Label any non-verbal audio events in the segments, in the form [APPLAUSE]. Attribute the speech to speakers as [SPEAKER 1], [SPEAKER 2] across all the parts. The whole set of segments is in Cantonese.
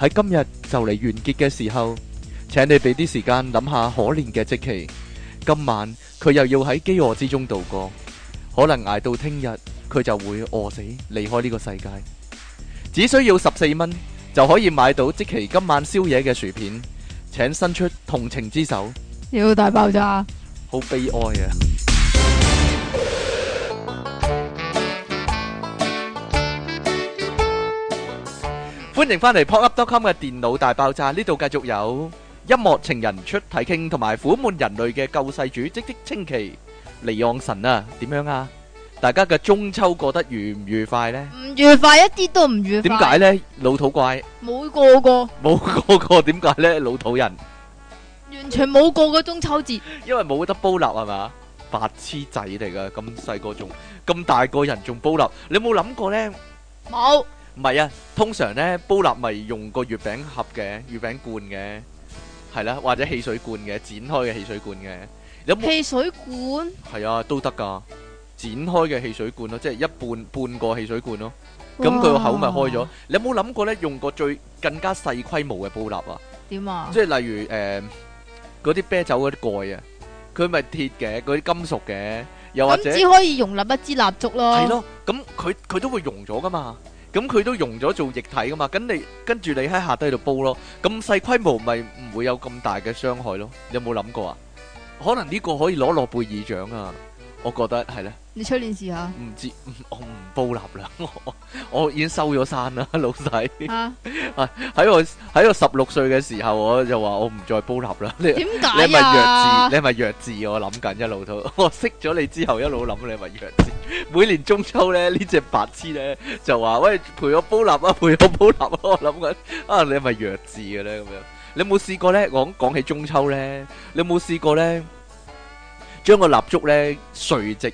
[SPEAKER 1] 喺今日就嚟完結嘅時候，請你俾啲時間諗下可憐嘅積淇。今晚佢又要喺飢餓之中度過，可能挨到聽日佢就會餓死離開呢個世界。只需要十四蚊就可以買到積淇今晚宵夜嘅薯片，請伸出同情之手。
[SPEAKER 2] 要大爆炸，
[SPEAKER 1] 好悲哀啊！歡迎翻嚟 popup.com 嘅電腦大爆炸，呢度繼續有音樂情人出體 King，同埋苦悶人類嘅救世主即即清奇離岸神啊，點樣啊？大家嘅中秋過得愉唔愉快咧？
[SPEAKER 2] 唔愉快，一啲都唔愉快。點解
[SPEAKER 1] 咧？老土怪。
[SPEAKER 2] 冇過過。
[SPEAKER 1] 冇過過，點解咧？老土人。完全冇過過中秋節。因為冇得煲蠟係嘛，白痴仔嚟噶，咁細個仲咁大個人仲煲蠟，你有冇諗過咧？冇。唔係啊，通常咧，煲蠟咪用個月餅盒嘅、月餅罐嘅，係啦，或者汽水罐嘅，剪開嘅汽水罐嘅，有冇？汽
[SPEAKER 2] 水罐
[SPEAKER 1] 係啊，都得噶，剪開嘅汽水罐咯，即係一半半個汽水罐咯。
[SPEAKER 2] 咁佢個口
[SPEAKER 1] 咪開咗？你有冇諗過咧？用過最更加細規模嘅煲蠟啊？點啊？即係例如誒嗰啲啤酒嗰啲蓋啊，佢咪鐵嘅，嗰啲金屬嘅，又或者只可以
[SPEAKER 2] 容納一支蠟燭咯？係咯，
[SPEAKER 1] 咁佢佢都會溶咗噶嘛？咁佢都溶咗做液體噶嘛，咁你跟住你喺下低度煲咯，咁細規模咪唔會有咁大嘅傷害咯？有冇諗過啊？可能呢個可以攞諾貝爾獎啊！我覺得係咧，你出年試下？唔知，我唔煲蠟啦，我我已經收咗山啦，老細。啊，喺 [LAUGHS] 我喺我十六歲嘅時候，我就話我唔再煲蠟啦。你點解，你係咪弱智？你係咪弱智？ [LAUGHS] 我諗緊一路都，我識咗你之後一路諗，你係咪弱智？ [LAUGHS] 每年中秋咧，呢隻白痴咧就話喂，陪我煲蠟啊，陪我煲蠟啊！我諗緊啊，你係咪弱智嘅咧？咁樣，你有冇試過咧？我講起中秋咧，你有冇試過咧？將個蠟燭咧垂直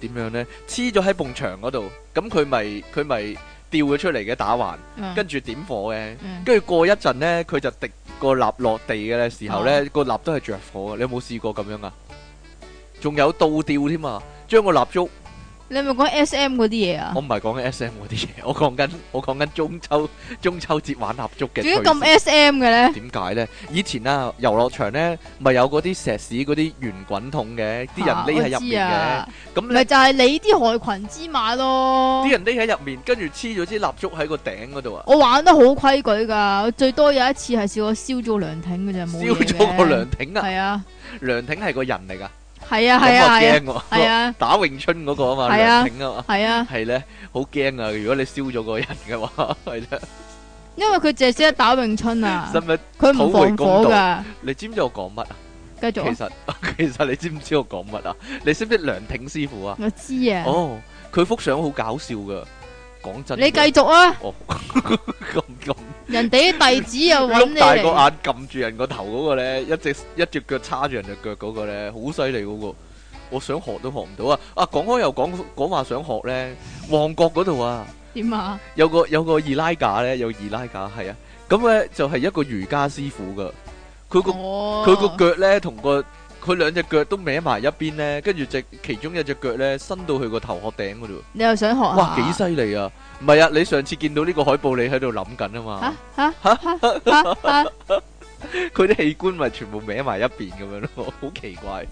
[SPEAKER 1] 點樣咧黐咗喺埲牆嗰度，咁佢咪佢咪吊咗出嚟嘅打橫，跟住、嗯、點火嘅，跟、嗯、住過一陣咧，佢就滴個蠟落地嘅時候咧，個蠟都係着火嘅。你有冇試過咁樣啊？仲有倒吊添啊！將個蠟燭。
[SPEAKER 2] 你係咪講 S M 嗰啲嘢啊？我
[SPEAKER 1] 唔係講 S M 嗰啲嘢，我講緊我講緊中秋中秋節玩蠟燭嘅。點解咁 S M 嘅咧？點解咧？以前啊，遊樂場咧咪有嗰啲石屎嗰啲圓滾筒嘅，啲人匿喺入面嘅。咁咪
[SPEAKER 2] 就係你啲害群之馬咯。啲人
[SPEAKER 1] 匿喺入面，跟住黐咗支蠟燭喺個頂嗰度啊！我玩
[SPEAKER 2] 得好規矩噶，最多有一次係試過燒咗涼亭嘅咋，冇燒咗
[SPEAKER 1] 個涼亭啊？係啊，涼亭係個人嚟噶。係啊係啊係啊！是啊是啊是啊是啊 [LAUGHS] 打詠春嗰個嘛啊嘛，梁挺啊嘛，係咧好驚啊，是啊是！如果你燒咗個人嘅話，係啫。
[SPEAKER 2] 因為佢淨係識打詠春啊，佢
[SPEAKER 1] [LAUGHS] 唔防火噶。你知唔知我講乜啊？繼續。其實其實你知唔知我講乜啊？你識唔識梁挺師傅啊？我知啊。哦，佢幅相好搞笑噶。講真你繼續啊！咁、哦、
[SPEAKER 2] 咁，人哋啲弟子又揾你大個眼，
[SPEAKER 1] 撳住人個頭嗰個咧，一隻一隻腳叉住人隻腳嗰個咧，好犀利嗰個，我想學都學唔到啊！啊，講開又講，講話想學咧，旺角嗰度啊，點啊？有個有個二奶架咧，有二奶架係啊，咁咧就係、是、一個瑜伽師傅噶，佢個佢、哦、個腳咧同個。佢兩隻腳都歪埋一邊咧，跟住只其中一隻腳咧伸到佢個頭殼頂嗰度。你
[SPEAKER 2] 又想學啊？哇，幾
[SPEAKER 1] 犀利啊！唔係啊，你上次見到呢個海報，你喺度諗緊啊嘛。吓吓吓吓
[SPEAKER 2] 吓
[SPEAKER 1] 吓！佢啲器官咪全部歪埋一邊咁樣咯，好奇怪。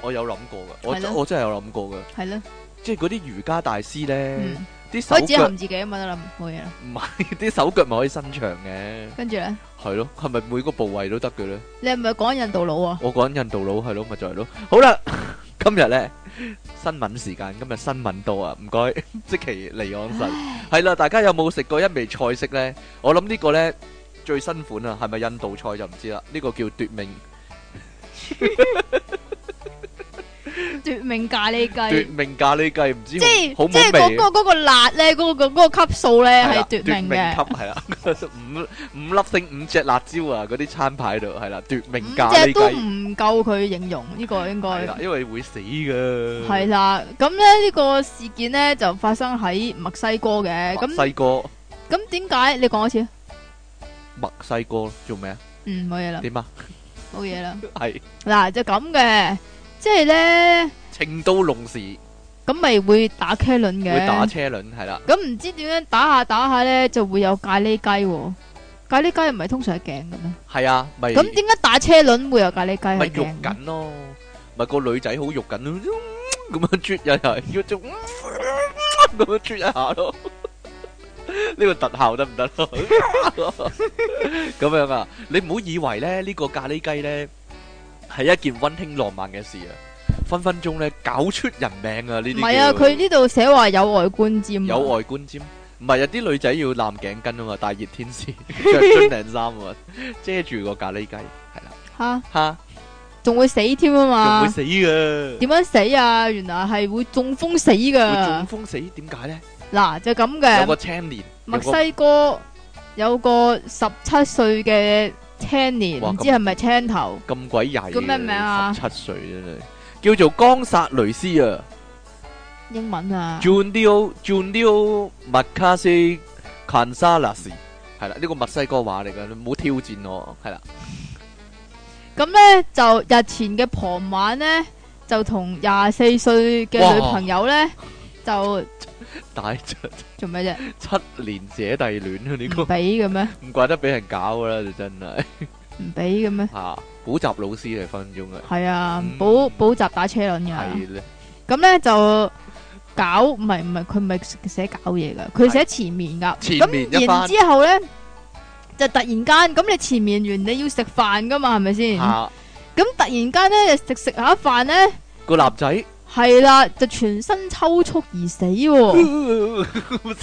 [SPEAKER 1] 我有諗過噶，我我真係有諗過噶。係
[SPEAKER 2] 咯，
[SPEAKER 1] 即係嗰啲瑜伽大師咧，啲手腳含
[SPEAKER 2] 自己啊嘛都諗冇嘢啦。唔
[SPEAKER 1] 係，啲手腳咪可以伸長嘅。跟住咧。係咯，係咪每個部位都得嘅咧？
[SPEAKER 2] 你係咪講印度佬啊？
[SPEAKER 1] 我講印度佬係咯，咪就係咯。好啦，今日咧，新聞時間，今日新聞到啊！唔該，積淇離岸神。係啦，大家有冇食過一味菜式咧？我諗呢個咧最新款啊，係咪印度菜就唔知啦。呢個叫奪命。
[SPEAKER 2] 奪命咖喱雞，奪
[SPEAKER 1] 命咖喱雞，唔知即係好即係嗰個
[SPEAKER 2] 嗰個辣咧，嗰個嗰個級數咧係奪命
[SPEAKER 1] 嘅。係啦，五五粒星五隻辣椒啊，嗰啲餐牌度係啦，奪命咖喱雞都唔
[SPEAKER 2] 夠佢形容，呢個應該，
[SPEAKER 1] 因為會死㗎。係啦，
[SPEAKER 2] 咁咧呢個事件咧就發生喺墨西哥嘅，墨西哥。咁點解你講一次？
[SPEAKER 1] 墨西哥做咩啊？嗯，冇嘢啦。點啊？
[SPEAKER 2] 冇嘢啦。係嗱，就咁嘅。即係咧，
[SPEAKER 1] 情到濃時，
[SPEAKER 2] 咁咪會打車輪嘅，會打車輪係啦。咁唔知點樣打下打下咧，就會有咖喱雞。咖喱雞唔係通常係頸嘅咩？
[SPEAKER 1] 係啊，咪咁點
[SPEAKER 2] 解打車輪會有咖喱雞喺頸？咪肉
[SPEAKER 1] 緊咯，咪個女仔好肉緊咯，咁樣啜一下，啜咗咁樣啜一下咯。呢個特效得唔得？咁樣啊，你唔好以為咧，呢個咖喱雞咧，係一件温馨浪漫嘅事啊，分分鐘咧搞出人命啊！呢啲唔係啊，佢呢
[SPEAKER 2] 度寫話有外觀瞻，有外
[SPEAKER 1] 觀瞻，唔係有啲女仔要攬頸巾啊嘛，大熱天時着樽領衫啊，遮住個咖喱雞係啦，吓吓
[SPEAKER 2] 仲會死添啊嘛，仲會死噶？點樣死啊？原來係會中風死噶，會中
[SPEAKER 1] 風死點解咧？
[SPEAKER 2] 嗱就咁嘅，有個青年墨西哥有個十七歲嘅。青年唔知係咪青頭
[SPEAKER 1] 咁鬼曳？叫咩名啊？七歲啫，叫做江薩雷斯啊，
[SPEAKER 2] 英文啊
[SPEAKER 1] ，Julio Julio Macas Can Salas，係啦，呢個墨西哥話嚟噶，你唔好挑戰我，係啦。
[SPEAKER 2] 咁咧就日前嘅傍晚咧，就同廿四歲嘅女朋友咧就。
[SPEAKER 1] 大 [LAUGHS] 七做咩啫？七年姐弟戀啊，呢、呢個唔俾嘅咩？唔怪得俾人搞啦，就真係
[SPEAKER 2] 唔俾嘅咩？
[SPEAKER 1] 吓補習老師嚟，分鐘嘅係啊，
[SPEAKER 2] 補補習打車輪嘅係咁咧就搞唔係唔係佢唔係寫搞嘢噶，佢寫前面噶。前面咁然之後咧就突然間咁你前面完你要食飯噶嘛係咪先？咁、啊、突然間咧食食下飯咧個男仔。係啦，就全身抽搐而死，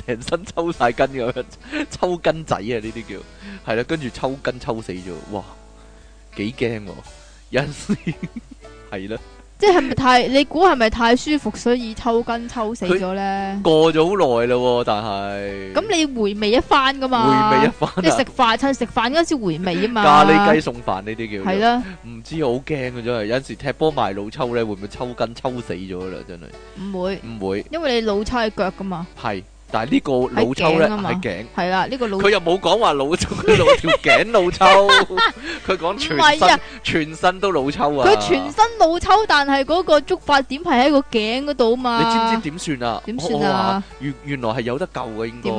[SPEAKER 1] 成 [LAUGHS] 身抽晒筋咁樣，抽筋仔啊呢啲叫係啦，跟住抽筋抽死咗，哇，幾驚，啊，有陣時係啦。 [LAUGHS]
[SPEAKER 2] 即係咪太？你估係咪太舒服，所以抽筋抽死咗咧？過
[SPEAKER 1] 咗好耐啦，但係咁
[SPEAKER 2] 你回味一番噶嘛？回味一番，你食飯，趁食飯嗰時回味啊嘛。咖喱雞送
[SPEAKER 1] 飯呢啲叫係啦。唔知好驚㗎咋，真係有陣時踢波埋老抽咧，會唔會抽筋抽死咗啦？真係唔會，唔會，
[SPEAKER 2] 因為你老抽係腳噶嘛。
[SPEAKER 1] 係。但係呢個老抽咧，係頸係啦，呢個老，佢又冇講話老抽老條頸老抽，佢講全身全身都老抽啊！佢全
[SPEAKER 2] 身老抽，但係嗰個觸發點係喺個頸嗰度嘛？你知唔知
[SPEAKER 1] 點算啊？點算啊？原原來係有得救嘅應該，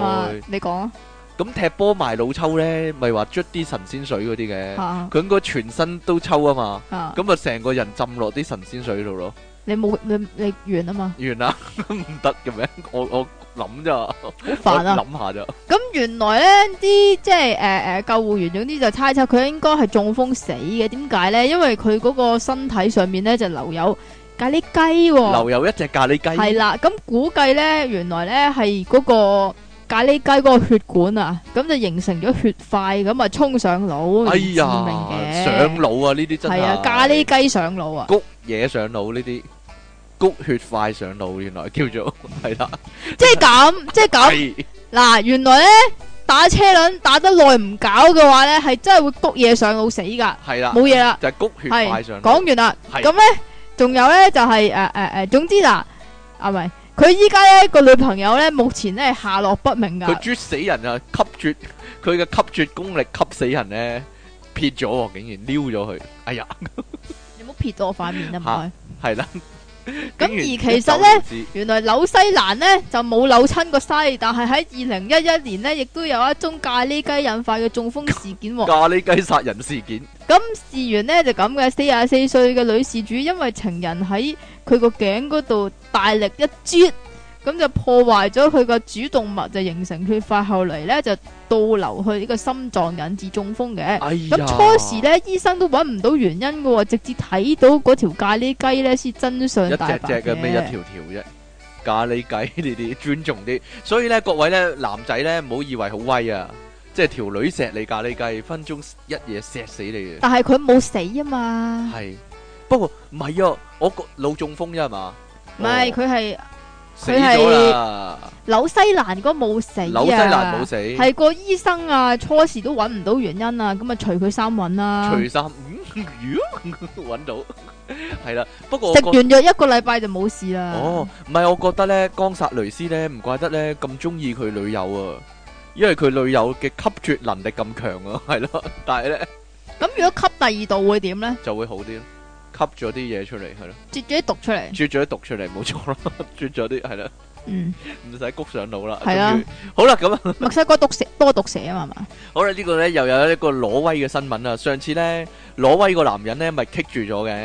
[SPEAKER 1] 你講啊！咁踢波埋老抽咧，咪話捽啲神仙水嗰啲嘅，佢應該全身都抽啊嘛！咁啊，成個人浸落啲神仙水度咯。
[SPEAKER 2] 你冇你你完啊嘛？
[SPEAKER 1] 完啊，唔得嘅咩？我我諗咋，好煩啊，諗下咋。
[SPEAKER 2] 咁原來咧啲即係誒誒救護員，總之就猜測佢應該係中風死嘅。點解咧？因為佢嗰個身體上面咧就留有咖喱雞喎，留
[SPEAKER 1] 有一隻咖喱雞。係啦，
[SPEAKER 2] 咁估計咧，原來咧係嗰個。咖喱雞嗰個血管啊，咁就形成咗血塊，咁啊衝上腦，哎呀上
[SPEAKER 1] 腦啊！呢啲真係，係啊，咖喱
[SPEAKER 2] 雞上腦啊，谷
[SPEAKER 1] 嘢上腦呢啲，谷血塊上腦，原來叫做係啦，即係咁，即係咁，
[SPEAKER 2] 嗱，原來咧打車輪打得耐唔搞嘅話咧，係真係會谷嘢上腦死噶，係啦，冇嘢啦，
[SPEAKER 1] 就係谷血塊上腦。講完啦，咁咧
[SPEAKER 2] 仲有咧就係誒誒誒，總之啦，阿咪。佢依家咧個女朋友咧目前咧係下落不明噶。佢啜
[SPEAKER 1] 死人啊！吸絕佢嘅吸絕功力吸死人咧，撇咗竟然撩咗佢。哎呀！
[SPEAKER 2] [LAUGHS] 你唔好撇咗我塊面啊，唔該。
[SPEAKER 1] 係 [LAUGHS] 啦。咁 [LAUGHS] 而其實呢，原
[SPEAKER 2] 來紐西蘭呢就冇扭親個西，但係喺二零一一年呢，亦都有一宗咖喱雞引發嘅中風事件喎。咖喱雞殺人事件。咁事緣呢就咁嘅，四廿四歲嘅女事主因為情人喺佢個頸嗰度大力一啜，咁就破壞咗佢個主動脈，就形成血塊，後嚟咧就倒流去呢個心臟，引致中風嘅。咁、哎、初時咧，醫生都揾唔到原因嘅，直接睇到嗰條咖喱雞咧先真相大白嘅。一隻隻嘅咩？一條
[SPEAKER 1] 條啫，咖喱雞你哋要尊重啲。所以咧，各位咧，男仔咧，唔好以為好威啊！即係條女錫你咖喱雞，分鐘一嘢錫死你嘅。但係
[SPEAKER 2] 佢冇死啊嘛。
[SPEAKER 1] 係，不過唔係啊，我個腦中風啫係嘛，唔係
[SPEAKER 2] 佢係。佢係紐西蘭嗰冇死啊，紐西蘭冇死，係個醫生啊，初時都揾唔到原因啊，咁啊，除佢三揾啦，除三
[SPEAKER 1] 嗯，咦，揾到係啦，不過食完藥一
[SPEAKER 2] 個禮拜就冇事啦。哦，
[SPEAKER 1] 唔係，我覺得咧，江薩雷斯咧，唔怪得咧咁中意佢女友啊，因為佢女友嘅吸絕能力咁強啊，係咯，但係咧，
[SPEAKER 2] 咁如果吸第二度會點咧？
[SPEAKER 1] 就會好啲。吸咗啲嘢出嚟，係咯，啜咗啲毒出嚟，啜咗啲毒出嚟，冇錯啦，啜咗啲係啦，嗯，唔使谷上腦啦，係啊，好啦，咁啊，墨
[SPEAKER 2] 西哥毒蛇，多毒蛇啊嘛，係嘛，
[SPEAKER 1] 好啦，呢個咧又有一個挪威嘅新聞啊，上次咧挪威個男人咧咪棘住咗嘅，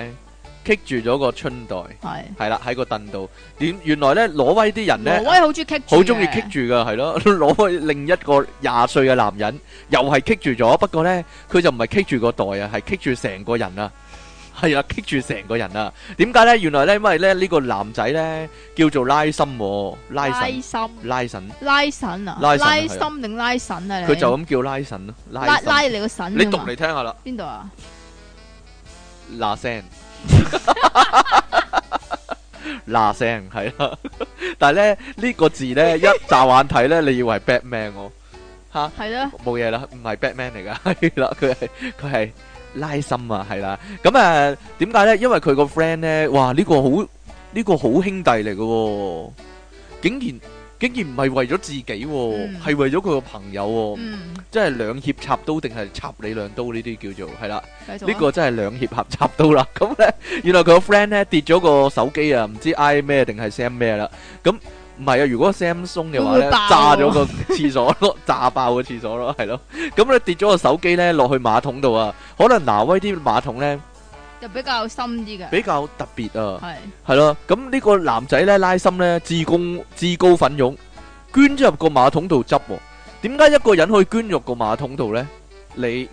[SPEAKER 1] 棘住咗個春袋，係，係啦，喺個凳度，點原來咧挪威啲人咧，挪威好
[SPEAKER 2] 中意棘住，好中意棘
[SPEAKER 1] 住噶，係咯，挪威另一個廿歲嘅男人又係棘住咗，不過咧佢就唔係棘住個袋啊，係棘住成個人啊。係啊，棘住成個人啊！點解咧？原來咧，因為咧呢個男仔咧叫做拉什，拉什，拉什，拉什啊！拉什定
[SPEAKER 2] 拉什啊？佢、啊啊啊啊、就咁
[SPEAKER 1] 叫拉什拉拉，拉你個神。你讀嚟聽下啦。邊度啊？嗱聲，嗱聲係啦。 [LAUGHS] [LAUGHS] 但係咧呢、呢個字咧一眨眼睇咧， [LAUGHS] 你以為係 Batman 哦、啊、吓？係咯，冇嘢啦，唔係 Batman 嚟噶，係 [LAUGHS] 啦，佢係佢係。拉心啊，係啦，咁啊，點解咧？因為佢個 friend 咧，哇，呢個好呢個好兄弟嚟噶，竟然竟然唔係為咗自己，係為咗佢個朋友，即係兩脅插刀定係插你兩刀呢啲叫做係啦，呢個真係兩脅插刀啦。咁咧，原來佢個 friend 咧跌咗個手機啊，唔知挨咩定係 send 咩啦，咁。唔係啊！如果 Samsung 嘅話咧，炸咗個廁所咯，炸爆個廁所咯，係咯。咁你跌咗個手機咧落去馬桶度啊，可能挪威啲馬桶咧就
[SPEAKER 2] 比較深啲嘅，比
[SPEAKER 1] 較特別啊。係係咯，咁呢個男仔咧拉心咧，自告自告奮勇，捐咗入個馬桶度執。點解一個人可以捐入個馬桶度咧？你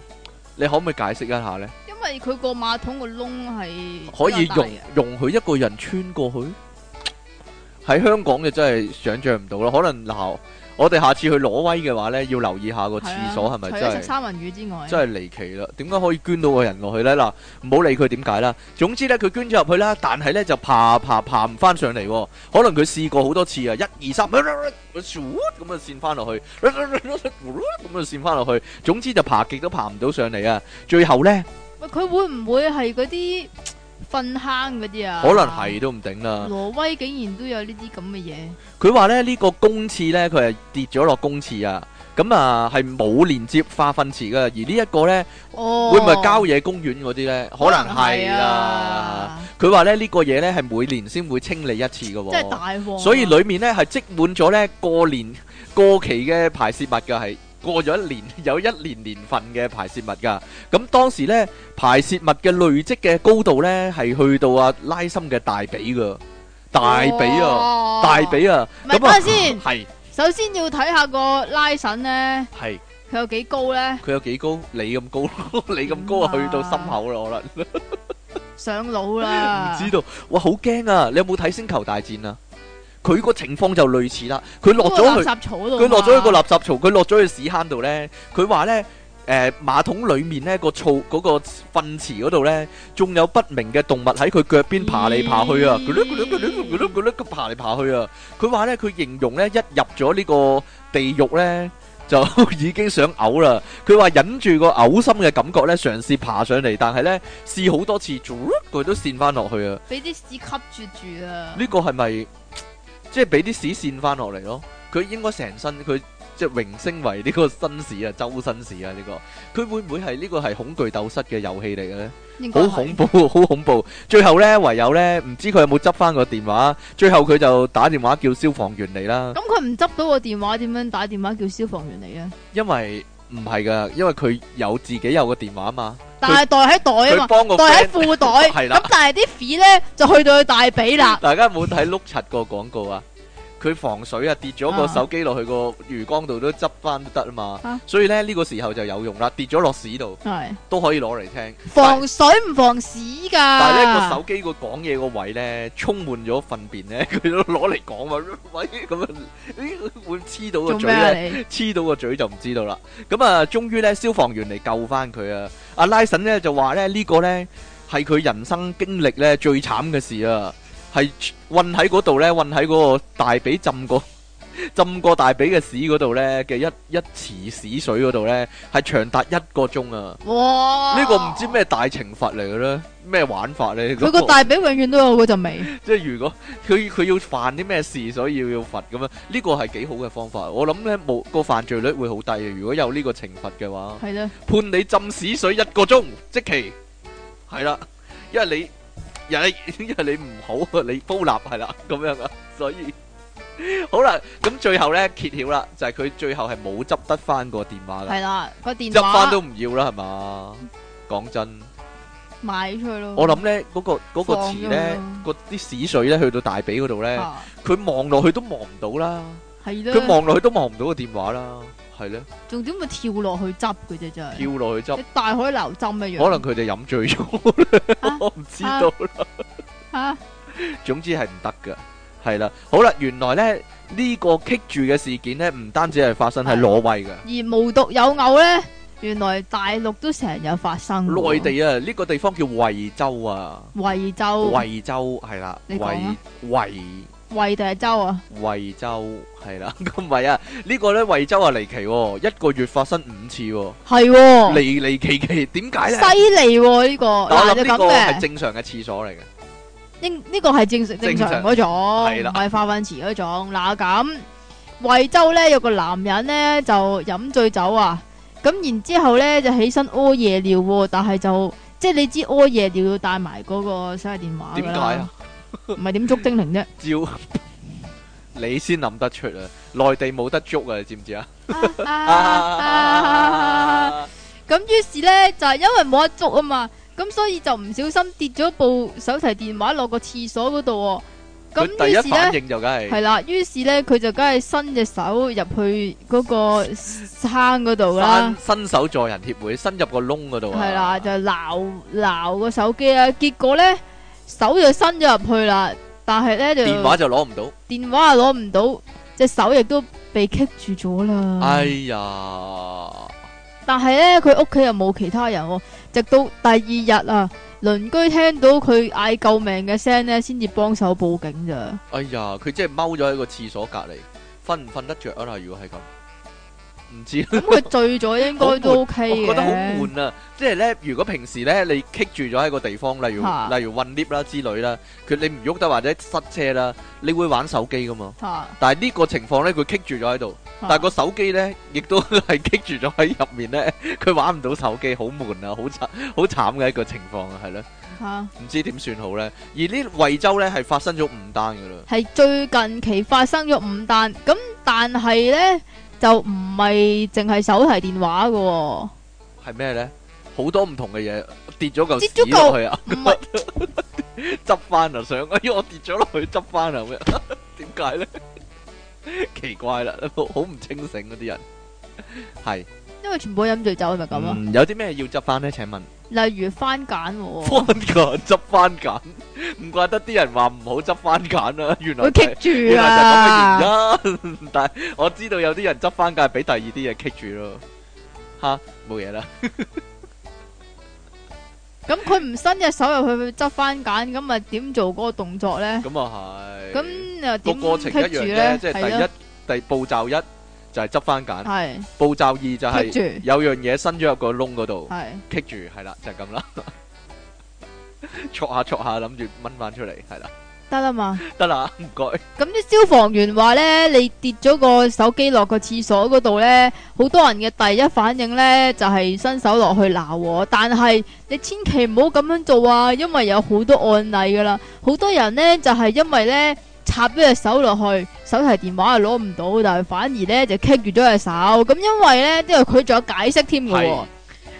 [SPEAKER 1] 你可唔可以解釋一下咧？
[SPEAKER 2] 因為佢個馬桶個窿係可以容容
[SPEAKER 1] 許一個人穿過去。喺香港就真係想像唔到咯，可能嗱，我哋下次去挪威嘅話咧，要留意一下個廁所係咪真係？除咗食三
[SPEAKER 2] 文魚之外，係咪真係
[SPEAKER 1] 離奇啦！點解可以捐到個人落去咧？嗱，唔好理佢點解啦，總之咧佢捐咗入去啦，但係咧就爬爬爬唔翻上嚟喎，可能佢試過好多次啊，一、二、三咁嘅扇翻落去，咁嘅扇翻落去，總之就爬極都爬唔到上嚟啊！最後咧，
[SPEAKER 2] 佢會唔會係嗰啲？糞坑嗰啲啊，可能
[SPEAKER 1] 係都唔定啦。挪
[SPEAKER 2] 威竟然都有呢啲咁嘅嘢。
[SPEAKER 1] 佢話咧呢個公廁咧，佢係跌咗落公廁啊，咁啊係冇連接化糞池噶，而呢一個咧會唔係郊野公園嗰啲咧？可能係啦。佢話咧呢個嘢咧係每年先會清理一次噶，即係大鑊。所以裏面咧係積滿咗咧過年過期嘅排泄物噶係。過咗一年，有一年年份嘅排泄物噶。咁當時呢，排泄物嘅累積嘅高度呢，係去到阿拉森嘅大髀噶，大髀啊，大髀啊。唔係，等下先。係，
[SPEAKER 2] 首先要睇下個拉神呢。係。佢有幾高呢？
[SPEAKER 1] 佢有幾高？你咁高咯？你咁高啊？去到心口咯，我諗。
[SPEAKER 2] 上腦啦！唔
[SPEAKER 1] 知道，哇，好驚啊！你有冇睇《星球大戰》啊？佢個情況就類似啦，佢落咗去佢落咗一個垃圾槽，佢落咗去屎坑度咧。佢話咧，誒馬桶裡面咧，個槽嗰個糞池嗰度咧，仲有不明嘅動物喺佢腳邊爬嚟爬去啊！佢咧佢咧佢咧佢咧佢咧佢爬嚟爬去啊！佢話咧，佢形容咧一入咗呢個地獄咧，就已經想嘔啦。佢話忍住個嘔心嘅感覺咧，嘗試爬上嚟，但係咧試好多次，仲佢都跣返落去啊！
[SPEAKER 2] 俾啲屎吸住住啊！
[SPEAKER 1] 呢個係咪？即係俾啲屎線翻落嚟咯，佢應該成身佢即係榮升為呢個紳士，士啊，周紳士啊呢個，佢會唔會係呢個係恐懼斗室嘅遊戲嚟嘅呢？好恐怖，好恐怖！最後呢，唯有呢，唔知佢有冇執翻個電話，最後佢就打電話叫消防員嚟啦。咁
[SPEAKER 2] 佢唔執到個電話，點樣打電話叫消防員嚟啊？
[SPEAKER 1] 因為唔係噶，因為佢有自己有個電話嘛。但係
[SPEAKER 2] 袋喺袋啊嘛，袋喺褲袋，咁 [LAUGHS] 但係啲 fit 咧就去到去大髀啦。
[SPEAKER 1] 大家有冇睇碌柒個廣告啊？佢防水啊，跌咗個手機落去個魚缸度都執翻都得啊嘛，所以咧呢個時候就有用啦。跌咗落屎度，都可以攞嚟聽。
[SPEAKER 2] 防水唔防屎噶。
[SPEAKER 1] 但係咧個手機個講嘢個位咧，充滿咗糞便咧，佢都攞嚟講啊喂，咁樣會黐到個嘴咧，黐到個嘴就唔知道啦。咁啊，終於咧消防員嚟救翻佢啊！阿拉神咧就話咧呢個咧係佢人生經歷咧最慘嘅事啊！係運喺嗰度呢？運喺嗰個大髀浸過 [LAUGHS] 浸過大髀嘅屎嗰度呢？嘅一一池屎水嗰度呢？係長達一個鐘啊！哇！個不呢個唔知咩大懲罰嚟嘅咧，咩玩法呢？佢個大髀
[SPEAKER 2] 永遠都有嗰陣味。
[SPEAKER 1] 即係 [LAUGHS] 如果佢佢要犯啲咩事，所以要罰咁樣。呢個係幾好嘅方法。我諗呢，冇個犯罪率會好低嘅。如果有呢個懲罰嘅話，係判你浸屎水一個鐘，即期係啦，因為你。人因為你唔好，你孤立係啦，咁樣啊，所以好啦。咁最後咧揭曉啦，就係佢最後係冇執得翻個電話啦。係
[SPEAKER 2] 啦，個電話執翻都唔
[SPEAKER 1] 要啦，係嘛？講真，
[SPEAKER 2] 買出去咯。我諗
[SPEAKER 1] 咧，嗰個嗰個詞咧，嗰啲屎水咧，去到大髀嗰度咧，佢望落去都望唔到啦。係咯，佢望落去都望唔到個電話啦。係咧，
[SPEAKER 2] 仲點會跳落去執嘅啫，真係跳落去執，大海撈針嘅樣。可
[SPEAKER 1] 能佢哋飲醉咗，
[SPEAKER 2] 我唔知道啦。吓，
[SPEAKER 1] 總之係唔得噶，係啦，好啦，原來咧呢個棘住嘅事件咧，唔單止係發生喺挪威噶，
[SPEAKER 2] 而無獨有偶咧，原來大陸都成日發生。內地
[SPEAKER 1] 啊，呢個地方叫惠州啊，
[SPEAKER 2] 惠州，惠
[SPEAKER 1] 州係啦，惠惠。
[SPEAKER 2] 惠州啊！
[SPEAKER 1] 惠州係啦，唔係啊？呢個咧惠州啊離奇，一個月發生五次，係離離奇奇，點解咧？犀
[SPEAKER 2] 利呢個，我諗呢個係
[SPEAKER 1] 正常嘅廁所嚟嘅。
[SPEAKER 2] 應呢個係正常正常嗰種，係啦，唔係化糞池嗰種。嗱，咁惠州咧有個男人咧就飲醉酒啊，咁然之後咧就起身屙夜尿，但係就即係你知屙夜尿要帶埋嗰個手提電話嘅。點解啊？唔係點捉精靈啫？
[SPEAKER 1] 照你先諗得出啊！內地冇得捉啊，你知唔知啊？
[SPEAKER 2] 咁於是咧就係因為冇得捉啊嘛，咁所以就唔小心跌咗部手提電話落個廁所嗰度。咁第一反應就梗係係啦。於是咧佢就梗係伸隻手入去嗰個坑嗰度啦。伸
[SPEAKER 1] 手助人協會伸入個窿嗰度。係啦，
[SPEAKER 2] 就鬧鬧個手機啊！結果咧。手就伸咗入去啦，但係咧就電話就攞唔到，電話又攞唔到，隻手亦都被棘住咗啦。哎
[SPEAKER 1] 呀！
[SPEAKER 2] 但係咧，佢屋企又冇其他人，哦，直到第二日啊，鄰居聽到佢嗌救命嘅聲咧，先至幫手報警咋。
[SPEAKER 1] 哎呀，佢真係踎咗喺個廁所隔籬，瞓唔瞓得着？啊啦？如果係咁。唔知咁佢
[SPEAKER 2] 醉咗應該都 OK 嘅。我覺得好悶
[SPEAKER 1] 啊，即係咧，如果平時咧你棘住咗喺個地方，例如例如困 lift 啦之類啦，佢你唔喐得或者塞車啦，你會玩手機噶嘛？吓！但係呢個情況咧，佢棘住咗喺度，但係個手機咧亦都係棘住咗喺入面咧，佢玩唔到手機，好悶啊，好慘好慘嘅一個情況啊，係咯？吓！唔知點算好咧？而呢惠州咧係發生咗五單噶啦，
[SPEAKER 2] 係最近期發生咗五單，咁但係咧。就唔係淨係手提電話
[SPEAKER 1] 嘅，係咩咧？好多唔同嘅嘢跌咗嚿紙落去啊！執翻啊！想，因為我跌咗落去，執翻啊！咩？點解咧？奇怪啦，好唔清醒嗰啲人係
[SPEAKER 2] 因為全部飲醉酒，係咪咁啊？
[SPEAKER 1] 有啲咩要執翻咧？請問
[SPEAKER 2] 例如番梘，番
[SPEAKER 1] 梘執番梘。唔怪得啲人話唔好執番簡啦，原來、就是、會棘住啊，就係咁嘅原因。但係我知道有啲人執番簡俾第二啲嘢棘住咯，吓冇嘢啦。
[SPEAKER 2] 咁佢唔伸隻手入去去執番簡，咁咪點做嗰個動作咧？
[SPEAKER 1] 咁啊係。咁啊個過程一樣咧？即、就、係、是、第一，第步驟一就係執番簡。係。步驟二就係有樣嘢伸咗入個窿嗰度，係棘住，係啦，就係咁啦。戳 [LAUGHS] 下戳下，諗住掹翻出嚟，係啦，得啦嘛，得 [LAUGHS] 啦，唔該。
[SPEAKER 2] 咁啲消防員話呢，你跌咗個手機落個廁所嗰度呢，好多人嘅第一反應呢，就係、是、伸手落去撈，但係你千祈唔好咁樣做啊，因為有好多案例噶啦，好多人呢，就係、是、因為呢，插咗隻手落去，手提電話又攞唔到，但係反而呢，就棘住咗隻手，咁因為呢，因為佢仲有解釋添嘅，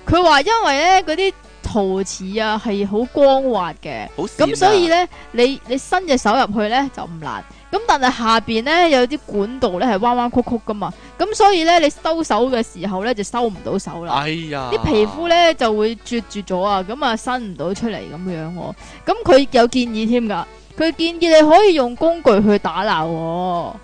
[SPEAKER 2] 佢話因為呢，嗰啲。陶瓷啊，係好光滑嘅，咁、啊、所以呢，你你伸隻手入去呢，就唔難。咁但係下邊呢，有啲管道呢，係彎彎曲曲噶嘛，咁所以呢，你收手嘅時候呢，就收唔到手
[SPEAKER 1] 啦。啲、哎、皮膚
[SPEAKER 2] 呢，就會絕住咗啊，咁啊伸唔到出嚟咁樣。咁佢有建議添噶，佢建議你可以用工具去打鬧、
[SPEAKER 1] 哦。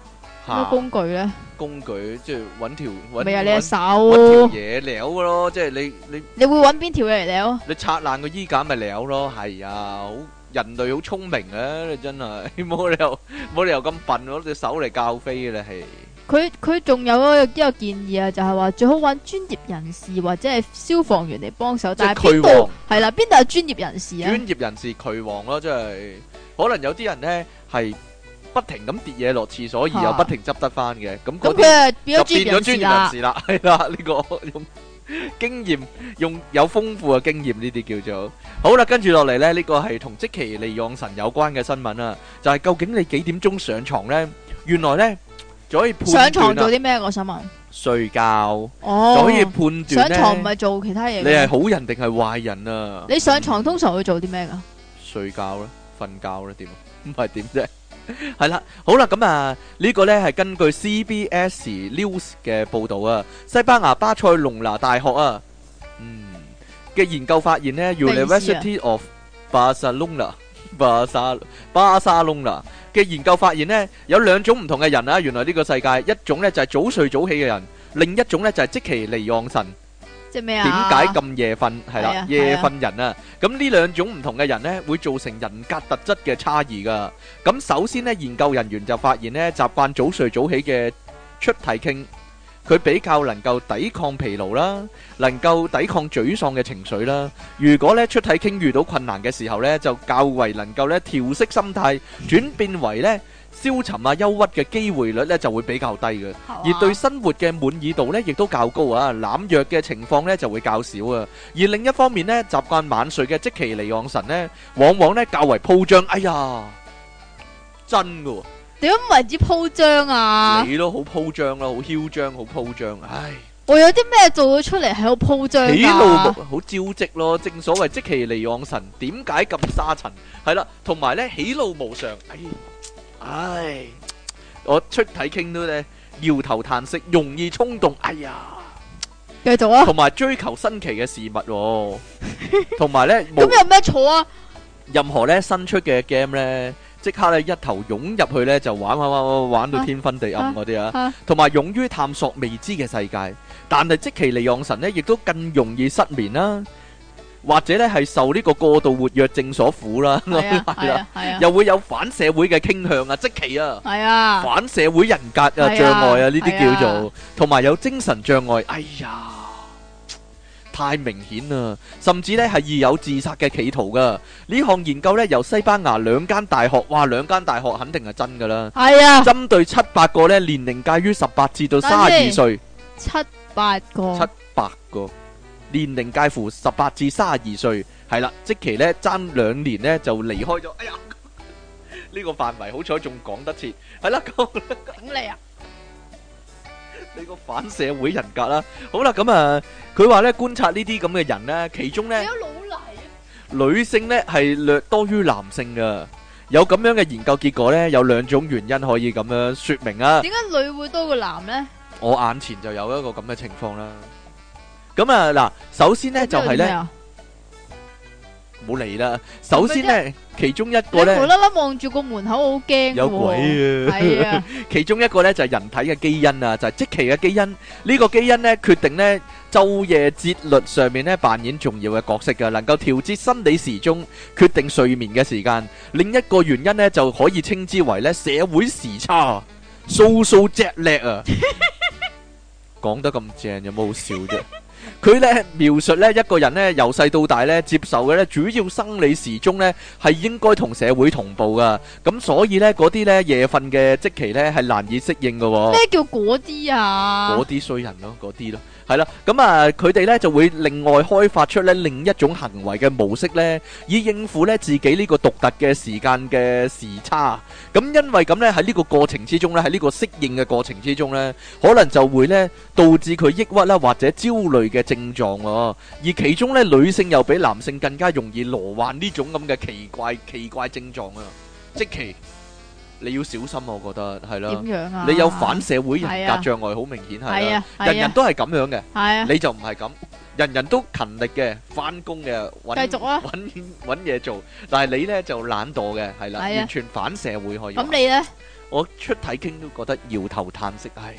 [SPEAKER 1] 咩工具呢？工具即係搵條，唔係呀，你隻手，搵條嘢撩咯，即係你你你
[SPEAKER 2] 會搵邊條嘢嚟撩？
[SPEAKER 1] 你拆爛個衣架咪撩咯，係啊，好人類好聰明啊，你真係冇理由冇理由咁笨攞隻手嚟教飛嘅啦，係
[SPEAKER 2] 佢佢仲有一個建議啊，就係話最好搵專業人士或者係消防員嚟幫手，但係渠王，邊度係啦？邊度有專業人
[SPEAKER 1] 士啊？專業人士渠王咯，即係可能有啲人咧係。不停咁跌嘢落廁所，而又不停執得翻嘅，咁佢哋就變咗專業人士啦，係啦，呢個經驗，用有豐富嘅經驗，呢啲叫做好啦。跟住落嚟咧，呢個係同積淇離岸神有關嘅新聞啦，就係究竟你幾點鐘上床咧？原來咧，可以判上床做啲
[SPEAKER 2] 咩我想問？
[SPEAKER 1] 睡覺哦，所以判斷上床唔
[SPEAKER 2] 係做其他嘢。你係
[SPEAKER 1] 好人定係壞人啊？你上
[SPEAKER 2] 床通常會做啲咩噶？
[SPEAKER 1] 睡覺啦，瞓覺啦，點唔係點啫？係 [LAUGHS] 啦，好啦，咁啊，呢個呢係根據 CBS News 嘅報道啊，西班牙巴塞隆拿大學啊，嗯嘅研究發現咧、啊、，University of Barcelona 巴沙巴沙隆拿嘅研究發現呢，有兩種唔同嘅人啊，原來呢個世界，一種呢就係、是、早睡早起嘅人，另一種呢就係、是、積淇離岸神。
[SPEAKER 2] 點解咁
[SPEAKER 1] 夜瞓？係啦，夜瞓人啊，咁呢兩種唔同嘅人呢，會造成人格特質嘅差異㗎。咁首先呢，研究人員就發現呢，習慣早睡早起嘅出體傾，佢比較能夠抵抗疲勞啦，能夠抵抗沮喪嘅情緒啦。如果呢出體傾遇到困難嘅時候呢，就較為能夠呢調適心態，轉變為呢。消沉啊，憂鬱嘅機會率咧就會比較低嘅，而對生活嘅滿意度呢亦都較高啊，濫藥嘅情況呢就會較少啊。而另一方面呢習慣晚睡嘅積淇離岸神呢往往呢較為鋪張。哎呀，真嘅
[SPEAKER 2] 點，啊、為之鋪張啊？你
[SPEAKER 1] 咯，啊，好鋪張咯，好囂張，好鋪張。唉，
[SPEAKER 2] 我有啲咩做咗出嚟係好鋪張？喜怒
[SPEAKER 1] 好招積咯，正所謂積淇離岸神，點解咁沙塵？係啦，同埋咧喜怒無常。唉，哎。唉，我出體 king 到咧，搖頭嘆息，容易衝動。哎呀，
[SPEAKER 2] 繼續啊，同埋
[SPEAKER 1] 追求新奇嘅事物，同埋咧咁有咩錯啊？任何咧新出嘅 game 咧，即刻咧一頭湧入去咧就玩玩玩玩到天昏地暗嗰啲啊，同埋勇於探索未知嘅世界，但係積淇離岸神咧，亦都更容易失眠啦。或者咧係受呢個過度活躍症所苦啦，係啦、啊 [LAUGHS] 啊啊啊，又會有反社會嘅傾向啊，即奇啊，係啊，
[SPEAKER 2] 反
[SPEAKER 1] 社會人格啊，障礙啊，呢啲、啊、叫做，同埋、啊、有精神障礙，哎呀，太明顯啦，甚至咧係易有自殺嘅企圖噶。呢項研究咧由西班牙兩間大學，哇，兩間大學肯定係真噶啦，係啊，針對七八個呢年齡介於十八至到三十二歲，
[SPEAKER 2] 七八個，七
[SPEAKER 1] 八個。年齡介乎十八至三十二歲，係啦，即期咧爭兩年咧就離開咗。哎呀，呢個範圍好彩仲講得切，係啦，夠啦，頂你啊！你個反社會人格啦。好啦，咁啊，佢話咧觀察呢啲咁嘅人咧，其中咧女性咧係略多於男性嘅。有咁樣嘅研究結果咧，有兩種原因可以咁樣説明啊。點
[SPEAKER 2] 解女會多過男咧？
[SPEAKER 1] 我眼前就有一個咁嘅情況啦。咁啊，嗱，首先呢，就係呢，冇嚟啦。首先呢是是，其中一個呢，無啦
[SPEAKER 2] 啦望住個門口，好驚。有鬼啊！啊 [LAUGHS]
[SPEAKER 1] 其中一個呢，就係、是、人體嘅基因啊，就係即期嘅基因。呢、這個基因呢，決定呢，晝夜節律上面呢，扮演重要嘅角色嘅，能夠調節心理時鐘，決定睡眠嘅時間。另一個原因呢，就可以稱之為呢，社會時差 so, so 啊，蘇蘇只叻啊，講得咁正，有冇好笑啫？ [LAUGHS] 佢咧描述咧一個人咧由細到大咧接受嘅咧主要生理時鐘咧係應該同社會同步噶，咁所以咧嗰啲咧夜瞓嘅即期咧係難以適應噶。咩
[SPEAKER 2] 叫嗰啲啊？嗰
[SPEAKER 1] 啲衰人咯，嗰啲咯，係啦，咁啊，佢哋咧就會另外開發出咧另一種行為嘅模式咧，以應付咧自己呢個獨特嘅時間嘅時差。咁因為咁咧喺呢個過程之中咧喺呢個適應嘅過程之中咧，可能就會咧導致佢抑鬱啦或者焦慮。嘅症狀喎，而其中呢，女性又比男性更加容易羅患呢種咁嘅奇怪奇怪症狀啊！即其，你要小心，我覺得係啦。點樣啊？你有反社會人格障礙，好明顯係啦。係啊，人人都係咁樣嘅。係啊，你就唔係咁。人人都勤力嘅，返工嘅，繼續啊，搵搵嘢做。但係你呢就懶惰嘅，係啦，完全反社會可以。咁你呢？我出體傾都覺得搖頭嘆息，哎，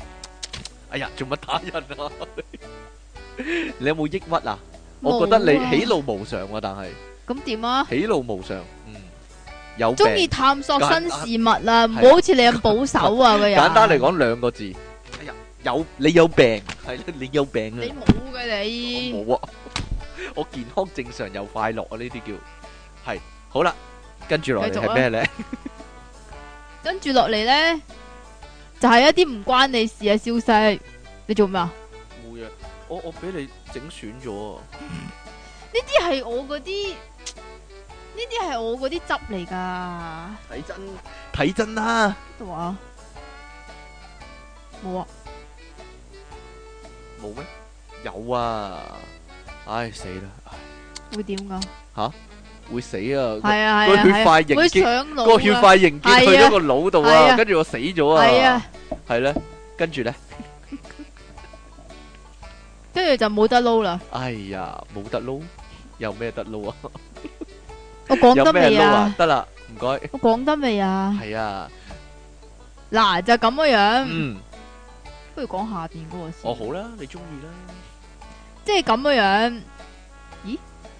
[SPEAKER 1] 哎呀，做乜打人啊？你有冇抑鬱啊？我覺得你喜怒無常啊，但係
[SPEAKER 2] 咁點啊？
[SPEAKER 1] 喜怒無常，嗯，有中意探索新事
[SPEAKER 2] 物啊，唔好好似你咁保守啊，佢又簡單嚟講
[SPEAKER 1] 兩個字，哎呀，有你有病，係你有病啊！你冇嘅你，我冇啊，我健康正常又快樂啊，呢啲叫係好啦，跟住落嚟就係咩咧？
[SPEAKER 2] 跟住落嚟咧，就係一啲唔關你事嘅消息，你做咩啊？
[SPEAKER 1] 我我俾你整損咗啊！呢
[SPEAKER 2] 啲係我嗰啲，呢啲係我嗰啲汁嚟噶。睇真，睇真啦。度啊，冇啊，
[SPEAKER 1] 冇咩？有啊！唉，死啦！
[SPEAKER 2] 會點噶？
[SPEAKER 1] 吓，會死啊！係啊係啊，個血塊凝結，個血塊凝結去咗個腦度啊，跟住我死咗啊！係啊，係咧，跟住咧。
[SPEAKER 2] 跟住就冇得撈啦！
[SPEAKER 1] 哎呀，冇得撈，有咩得撈啊？我講得未啊？得啦，唔該。我講得未啊？係啊，
[SPEAKER 2] 嗱就咁樣樣。嗯。不如講下邊嗰個先。哦，好啦，
[SPEAKER 1] 你中意啦。
[SPEAKER 2] 即係咁樣樣。咦？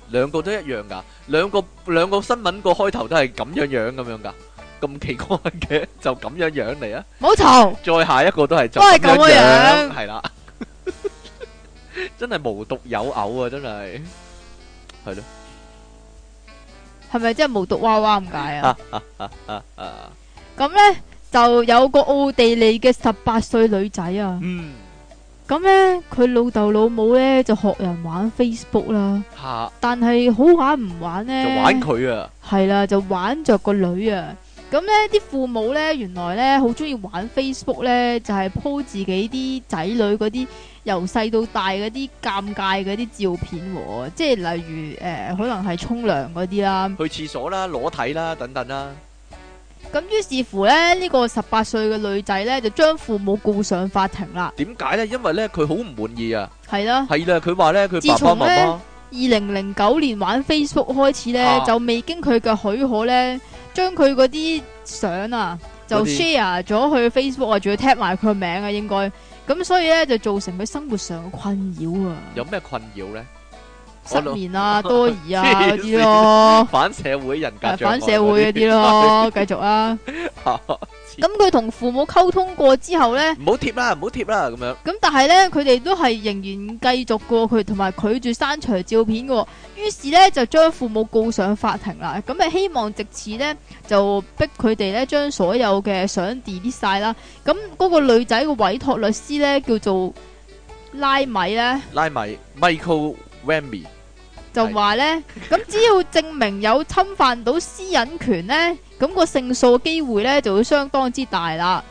[SPEAKER 1] 兩個都一樣噶，兩個兩個新聞個開頭都係咁樣樣咁樣噶，咁奇怪嘅就咁樣樣嚟啊！冇嘈。再下一個都係都係咁樣樣，係啦。 [LAUGHS] 真係無獨有偶啊！真係係咯，
[SPEAKER 2] 係咪真係無獨娃娃唔解啊？咁 [LAUGHS] [LAUGHS] 呢，就有個奧地利嘅十八歲女仔啊，咁、嗯、呢，佢老豆老母呢，就學人玩 Facebook 啦、啊，但係好玩唔玩呢？就玩佢啊，係啦，就玩着個女啊，咁呢啲父母呢，原來呢，好中意玩 Facebook 呢，就係、是、po 自己啲仔女嗰啲。由細到大嗰啲尷尬嘅啲照片，即係例如誒、呃，可能係沖涼嗰啲啦，
[SPEAKER 1] 去廁所啦，裸體啦，等等啦。
[SPEAKER 2] 咁於是乎咧，這個、呢個十八歲嘅女仔咧，就將父母告上法庭啦。
[SPEAKER 1] 點解咧？因為咧，佢好唔滿意啊。係啦、啊，係啦、啊，佢話咧，佢爸爸媽媽自從咧
[SPEAKER 2] 二零零九年玩 Facebook 開始咧、啊，就未經佢嘅許可咧，將佢嗰啲相啊，就 share 咗去 Facebook 啊，仲要 tap 埋佢個名啊，應該。咁所以咧就造成佢生活上嘅困擾啊！
[SPEAKER 1] 有咩困擾咧？失眠啊、哦，多疑啊，啲咯，反社會人格，反社會嗰啲咯，繼 [LAUGHS] 續啊。咁
[SPEAKER 2] 佢同父母溝通過之後咧，
[SPEAKER 1] 唔好貼啦，唔好貼啦咁樣。
[SPEAKER 2] 咁但係咧，佢哋都係仍然繼續過，佢同埋拒絕刪除照片嘅。於是咧就將父母告上法庭啦。咁咪希望直至咧就逼佢哋咧將所有嘅相 delete 晒啦。咁嗰個女仔嘅委託律師咧叫做拉米咧，
[SPEAKER 1] 拉米 Michael Wemy。
[SPEAKER 2] 就話呢，咁 [LAUGHS] 只要證明有侵犯到私隱權呢，咁個勝訴機會呢就會相當之大啦。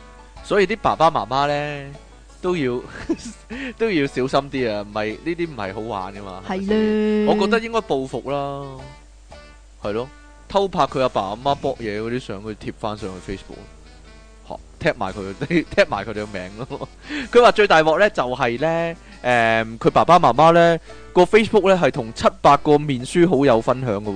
[SPEAKER 1] 所以啲爸爸媽媽呢，都要 [LAUGHS] 都要小心啲啊，唔係呢啲唔係好玩噶嘛。係咯， [LAUGHS] 我覺得應該報復啦係 [LAUGHS] 咯，偷拍佢阿爸阿媽博嘢嗰啲相，佢貼翻上去 Facebook。貼埋佢，貼埋佢隻名咯。佢話最大鑊咧就係、是、咧，誒、嗯，佢爸爸媽媽咧個 Facebook 咧係同七百個面書好友分享噶，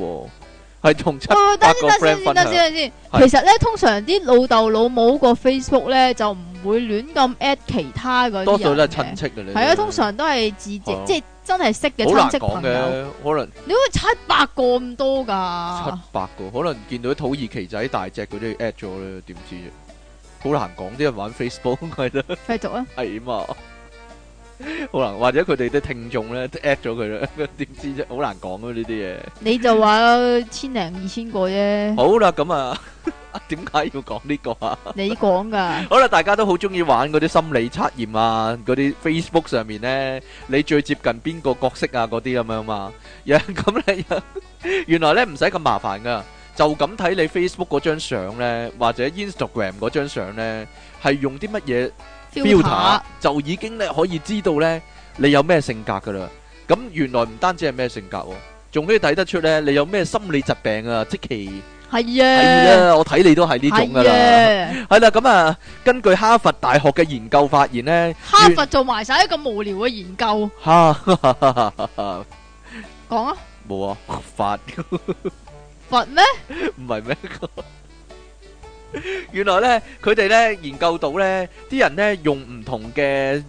[SPEAKER 1] 係同七百個 friend 分享。得先，得先，得先。其實咧，
[SPEAKER 2] 通常啲老豆老母個 Facebook 咧就唔會亂咁 at 其他嗰啲人。多數都
[SPEAKER 1] 係親戚嘅噶，係啊，通常
[SPEAKER 2] 都係自己，即係、就是、真係識
[SPEAKER 1] 嘅親戚朋友。好難講嘅，可能。
[SPEAKER 2] 你會七百個咁多噶？七
[SPEAKER 1] 百個，可能見到土耳其仔大隻嗰啲 at 咗咧，點知？好難講，啲人玩 Facebook 係咯，係啊嘛，好難，或者佢哋啲聽眾咧，都 at 咗佢啦，點知啫？好難講啊呢啲嘢，你就話
[SPEAKER 2] 千零二千個啫。
[SPEAKER 1] 好啦，咁啊，點解要講呢個啊？
[SPEAKER 2] 你講噶。
[SPEAKER 1] 好啦，大家都好中意玩嗰啲心理測驗啊，嗰啲 Facebook 上面咧，你最接近邊個角色啊？嗰啲咁樣嘛，呀咁咧，原來咧唔使咁麻煩噶。就咁睇你 Facebook 嗰張相咧，或者 Instagram 嗰張相咧，係用啲乜嘢 filter，就已經咧可以知道咧你有咩性格噶啦。咁原來唔單止係咩性格，仲可以睇得出咧你有咩心理疾病啊？即其
[SPEAKER 2] 係啊，係啊，我
[SPEAKER 1] 睇你都係呢種噶啦。係啦，咁啊，根據哈佛大學嘅研究發現咧，哈佛
[SPEAKER 2] 做埋晒一個無聊嘅研究。
[SPEAKER 1] 哈，講啊，冇啊，發。佛咩？唔係咩？原來咧，佢哋咧研究到咧，啲人咧用唔同嘅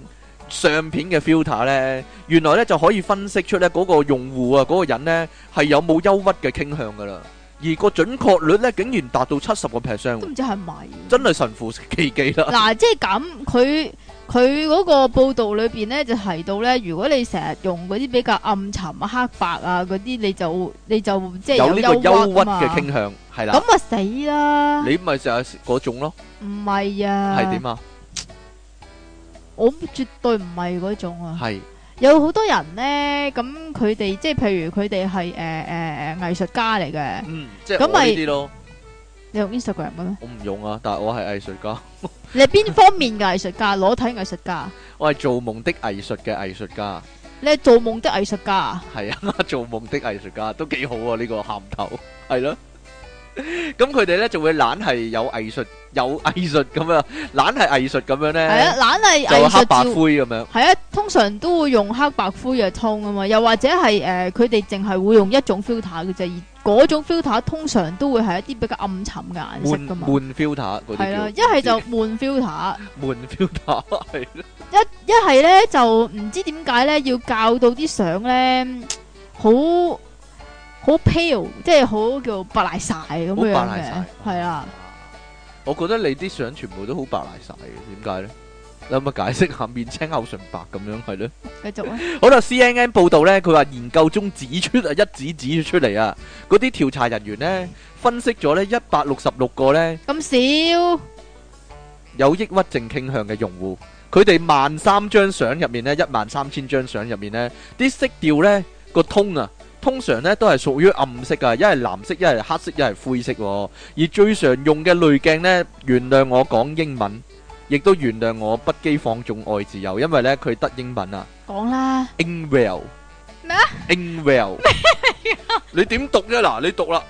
[SPEAKER 1] 相片嘅 filter 咧，原來咧就可以分析出咧嗰個用戶啊，嗰個人咧係有冇憂鬱嘅傾向噶啦，而個準確率咧竟然達到七十個 percent，都唔知係咪真係神乎其技啦？嗱，
[SPEAKER 2] 即係咁佢。佢嗰個報道裏邊咧就提到咧，如果你成日用嗰啲比較暗沉啊、黑白啊嗰啲，你就你就即係有憂鬱嘅傾向，係啦。咁啊死啦！你
[SPEAKER 1] 咪就係嗰種咯。
[SPEAKER 2] 唔係啊。係點啊？我絕對唔係嗰種啊。係。有好多人咧，咁佢哋即係譬如佢哋係誒誒誒藝術家嚟嘅。嗯，即係咁咪咯。你用 Instagram 啊？我
[SPEAKER 1] 唔用啊，但係我係藝術家。
[SPEAKER 2] 你係邊方面嘅藝術家？裸體藝術家？
[SPEAKER 1] 我係做夢的藝術嘅藝術家。
[SPEAKER 2] 你係做夢的藝術
[SPEAKER 1] 家？係啊，做夢的藝術家都幾好啊！呢、這個銜頭係咯。是啊咁佢哋咧就會懶係有藝術，有藝術咁樣，懶係藝術咁樣咧。係啊，懶係就黑白灰咁樣。係
[SPEAKER 2] 啊，通常都會用黑白灰嘅 tone 啊嘛，又或者係誒，佢哋淨係會用一種 filter 嘅啫，而嗰種 filter 通常都會係一啲比較暗沉嘅顏色噶嘛。悶
[SPEAKER 1] filter 嗰啲叫。係啦，一係就
[SPEAKER 2] 悶 filter。
[SPEAKER 1] 悶 filter
[SPEAKER 2] 係。一一係咧就唔知點解咧要校到啲相咧好。好 Pale，即係好叫白賴晒咁樣嘅，係啦。
[SPEAKER 1] 我覺得你啲相全部都好白賴晒嘅，點解咧？你可唔可以解釋下？面青口唇白咁樣係咧？繼續啊！好啦，CNN 報道咧，佢話研究中指出啊，一指指出嚟啊，嗰啲調查人員咧，分析咗咧一百六十六個咧，
[SPEAKER 2] 咁少
[SPEAKER 1] 有抑鬱症傾向嘅用戶，佢哋萬三張相入面咧，一萬三千張相入面咧，啲色調咧個 tone 啊！通常咧都係屬於暗色噶，一係藍色，一係黑色，一係灰色。而最常用嘅濾鏡咧，原諒我講英文，亦都原諒我不羈放縱愛自由，因為咧佢得英文啊。
[SPEAKER 2] 講啦。Inkwell 咩
[SPEAKER 1] 啊？Inkwell 你點讀啫？嗱，你讀啦，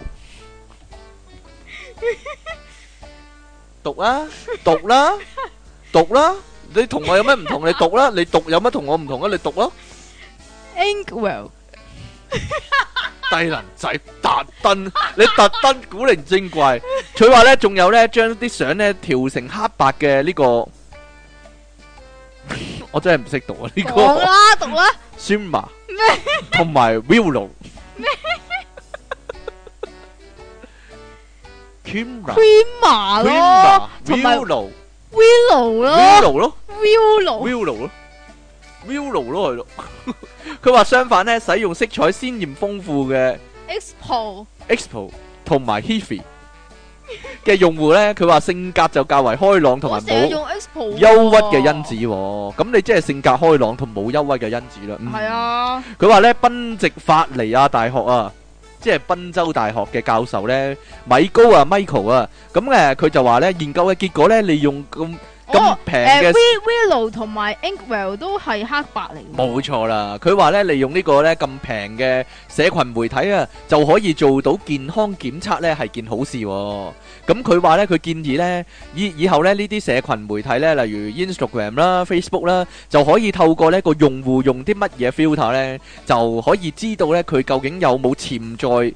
[SPEAKER 1] 讀啦，讀啦，讀啦，你同我有咩唔同？你讀啦，你讀有乜同我唔同啊？你讀咯。Inkwell。低能仔，特登你特登古靈精怪，佢話咧仲有咧將啲相咧調成黑白嘅呢個，我真係唔識讀啊呢個。講啦，讀啦。Summer 咩？同埋
[SPEAKER 2] Willow 咩？Camera。Willow 咯，同埋
[SPEAKER 1] Willow。
[SPEAKER 2] Willow 咯，Willow 咯
[SPEAKER 1] ，Willow 咯。volo 咯，係咯，佢話相反咧，使用色彩鮮艷豐富嘅 expo expo 同埋 hephy 嘅用戶咧，佢話性格就較為開朗，同埋冇
[SPEAKER 2] 憂鬱嘅因
[SPEAKER 1] 子。咁你即係性格開朗同冇憂鬱嘅因子啦。係啊。佢話咧，賓夕法尼亞大學啊，即係賓州大學嘅教授咧，米高啊，Michael 啊，咁，誒，佢就話咧，研究嘅結果咧，利用咁。咁平嘅，
[SPEAKER 2] 誒，Willow 同埋 Inkwell 都係黑白嚟。
[SPEAKER 1] 冇錯啦，佢話咧，利用呢個咧咁平嘅社群媒體啊，就可以做到健康檢測咧，係件好事喎。咁佢話咧，佢建議咧以以後咧呢啲社群媒體咧，例如 Instagram 啦、Facebook 啦，就可以透過咧個用戶用啲乜嘢 filter 咧，就可以知道咧佢究竟有冇潛在。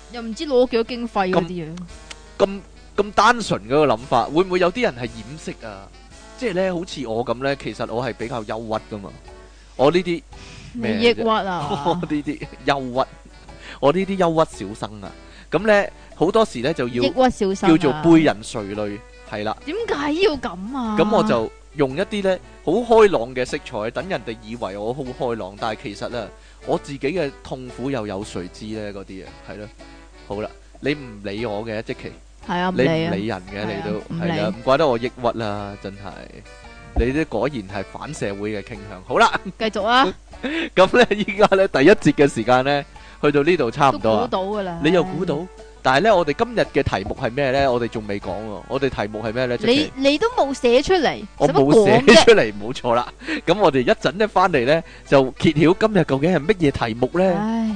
[SPEAKER 2] 又唔知攞幾多經費嗰啲嘢，
[SPEAKER 1] 咁咁單純嗰個諗法，會唔會有啲人係掩飾啊？即係咧，好似我咁咧，其實我係比較憂鬱噶嘛。我呢啲
[SPEAKER 2] 咩抑鬱啊？我
[SPEAKER 1] 呢啲憂鬱，我呢啲憂鬱小生啊。咁咧好多時咧就要憂鬱小生啊，叫做背人垂淚，係啦。
[SPEAKER 2] 點解要咁啊？咁我就
[SPEAKER 1] 用一啲咧好開朗嘅色彩，等人哋以為我好開朗，但係其實咧我自己嘅痛苦又有誰知咧？嗰啲啊，係咯。好啦，你唔理我嘅，積淇，
[SPEAKER 2] 你唔理人嘅，你都係啊，唔
[SPEAKER 1] 怪得我抑鬱啦，真係，你啲果然係反社會嘅傾向。好啦，繼續啊。咁咧，依家咧第一節嘅時間咧，去到呢度差唔多啊。估到
[SPEAKER 2] 㗎啦。你又估到，
[SPEAKER 1] 但係咧，我哋今日嘅題目係咩咧？我哋仲未講喎。我哋題目係咩咧？你
[SPEAKER 2] 你都冇寫出嚟，我冇寫
[SPEAKER 1] 出嚟，冇錯啦。咁我哋一陣咧返嚟咧，就揭曉今日究竟係乜嘢題目咧。唉。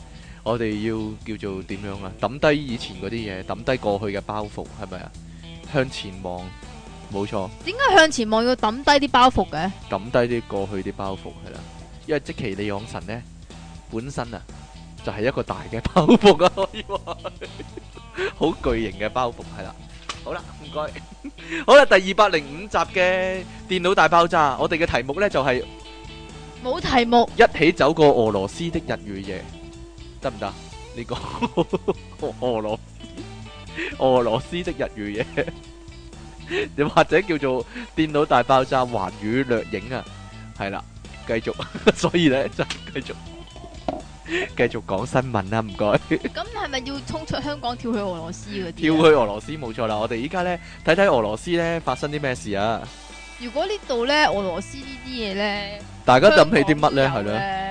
[SPEAKER 1] 我哋要叫做點樣啊？抌低以前嗰啲嘢，抌低過去嘅包袱，係咪啊？向前望，冇錯。
[SPEAKER 2] 點解向前望要抌低啲包袱嘅？
[SPEAKER 1] 抌低啲過去啲包袱係啦，因為積淇離岸神呢，本身啊就係、是、一個大嘅包袱啊，可以話好 [LAUGHS] 巨型嘅包袱係啦。好啦，唔該。 [LAUGHS] 好啦，第二百零五集嘅電腦大爆炸，我哋嘅題目呢就係、是、冇題目，一起走過俄羅斯的日與夜。得唔得？你講俄羅斯俄羅斯的日語嘢，又或者叫做電腦大爆炸環宇掠影啊，係啦，繼續，所以咧就繼續繼續講新聞啊，唔該。
[SPEAKER 2] 咁係咪要衝出香港跳去俄羅斯嗰啲？
[SPEAKER 1] 跳去俄羅斯冇錯啦，我哋依家咧睇睇俄羅斯咧發生啲咩事啊！
[SPEAKER 2] 如果呢度咧，俄羅斯呢啲嘢咧，
[SPEAKER 1] 大家諗起啲乜咧？係咧？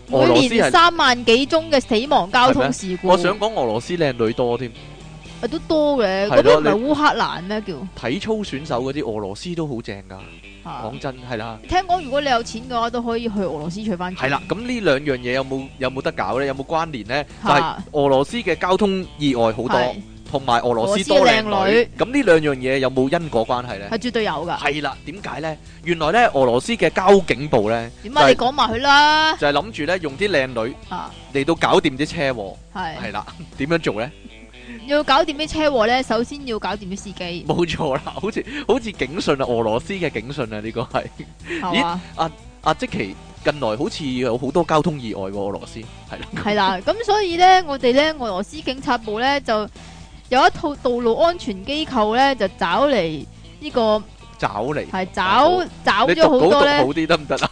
[SPEAKER 1] 係每年三
[SPEAKER 2] 萬幾宗嘅死亡交通事故，我想
[SPEAKER 1] 講俄羅斯靚女多添，
[SPEAKER 2] 都多嘅，嗰邊唔係烏克蘭咩叫？
[SPEAKER 1] 體操選手嗰啲俄羅斯都好正噶，講真係啦。
[SPEAKER 2] 聽講如果你有錢嘅話，都可以去俄羅斯取翻錢。係啦，
[SPEAKER 1] 咁呢兩樣嘢有冇有冇得搞呢？有冇關聯呢？就係、是、俄羅斯嘅交通意外好多。同埋俄羅斯多靚女，咁呢兩樣嘢有冇因果關係咧？係絕對有噶。係啦，點解咧？原來咧，俄羅斯嘅交警部咧，點解？你講埋佢啦。就係諗住咧，用啲靚女嚟到搞掂啲車禍。係係啦，點樣做咧？
[SPEAKER 2] 要搞掂啲車禍咧，首先要搞掂啲司機。冇
[SPEAKER 1] 錯啦，好似好似警訊啊，俄羅斯嘅警訊啊，呢個係。
[SPEAKER 2] 咦？
[SPEAKER 1] 阿阿積淇，近來好似有好多交通意外，俄羅斯係啦。係
[SPEAKER 2] 啦，咁所以咧，我哋咧俄羅斯警察部咧就。有一套道路安全機構咧，就找嚟呢個找嚟係找找咗好多咧，好啲得唔得啊？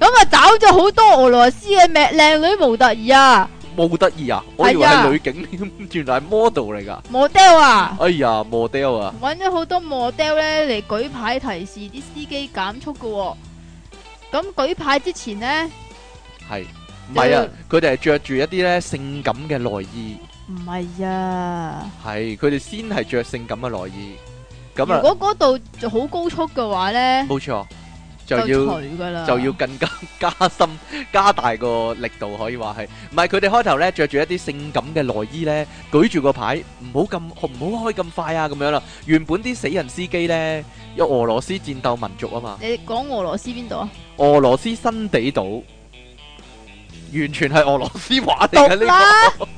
[SPEAKER 2] 咁啊，找咗好多俄羅斯嘅靚靚女模特兒啊！
[SPEAKER 1] 模特兒啊，我以為係女警，原來係 model 嚟噶 model 啊！哎呀，model 啊！
[SPEAKER 2] 揾咗好多 model 咧嚟舉牌提示啲司機減速噶喎，咁舉牌之前咧
[SPEAKER 1] 係唔係啊？佢哋係着住一啲咧性感嘅內衣。唔係啊，係佢哋先係着性感嘅內衣，咁啊。如果
[SPEAKER 2] 嗰度就好高速嘅話咧，冇
[SPEAKER 1] 錯，就要就要更加加深加大個力度，可以話係。唔係，佢哋開頭咧着住一啲性感嘅內衣咧，舉住個牌，唔好咁唔好開咁快啊，咁樣啦。原本啲死人司機咧有俄羅斯戰鬥民族啊嘛。你
[SPEAKER 2] 講俄羅斯邊度啊？
[SPEAKER 1] 俄羅斯新地島，完全係俄羅斯話嚟嘅呢個。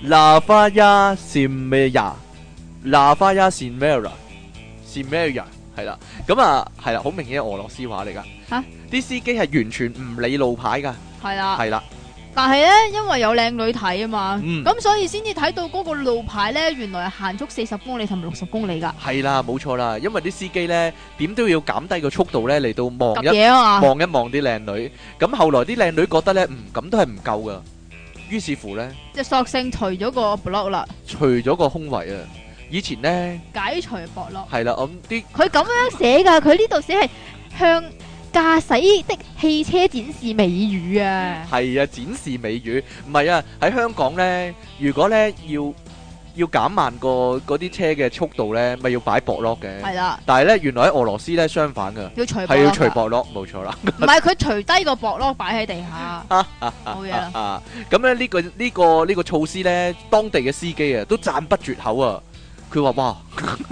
[SPEAKER 1] 哪花呀？是咩呀？哪花呀？是咩啦？是咩呀？係啦，咁啊，係啦，好明顯俄羅斯話嚟噶。
[SPEAKER 2] 吓，
[SPEAKER 1] 啲司機係完全唔理路牌噶。係啦，係啦，
[SPEAKER 2] 但係咧，因為有靚女睇啊嘛，咁所以先至睇到嗰個路牌咧，原來係限速四十公里同埋六十公里噶。係
[SPEAKER 1] 啦，冇錯啦，因為啲司機咧點都要減低個速度咧嚟到望一望一望啲靚女，咁後來啲靚女覺得咧，嗯，咁都係唔夠噶。於是乎咧，
[SPEAKER 2] 即索性除咗個 block 啦，
[SPEAKER 1] 除咗個胸圍啊！以前咧，
[SPEAKER 2] 解除 blog，係啦，咁啲佢咁樣寫噶，佢呢度寫係向駕駛的汽車展示美語啊，
[SPEAKER 1] 係啊，展示美語，唔係啊，喺香港咧，如果咧要，要減慢個嗰啲車嘅速度咧，咪要擺博 lock 嘅。係啦。但係咧，原來喺俄羅斯咧，相反㗎，要除係要除博 lock，冇錯啦。唔係
[SPEAKER 2] 佢除低個博 lock 擺喺地下。嚇，冇嘢
[SPEAKER 1] 啦。啊，咁咧呢個呢、 [LAUGHS] 啊啊呢個呢、呢個呢個呢個措施咧，當地嘅司機啊都讚不絕口啊！佢話哇，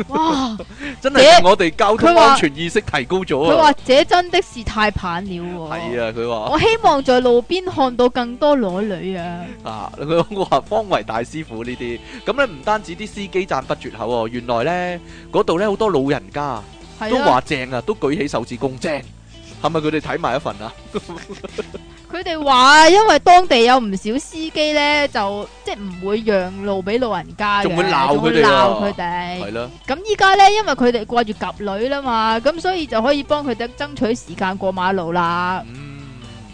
[SPEAKER 1] 哇，真係我哋交通安全、欸、意識提高咗佢話：
[SPEAKER 2] 這真的是太棒了喎！係啊，
[SPEAKER 1] 佢話，我希
[SPEAKER 2] 望在路邊看到更多裸女
[SPEAKER 1] 啊！啊，佢話方為大師傅呢啲，咁咧唔單止啲司機讚不絕口啊，原來咧嗰度咧好多老人家都話正啊，都舉起手指公正。係咪佢哋睇埋一份啊？
[SPEAKER 2] 佢哋話啊，因為當地有唔少司機咧，就即係唔會讓路俾老人家嘅，仲會鬧佢哋，鬧佢哋。係咯。咁依家咧，因為佢哋掛住夾女啦嘛，咁所以就可以幫佢哋爭取時間過馬路啦。嗯，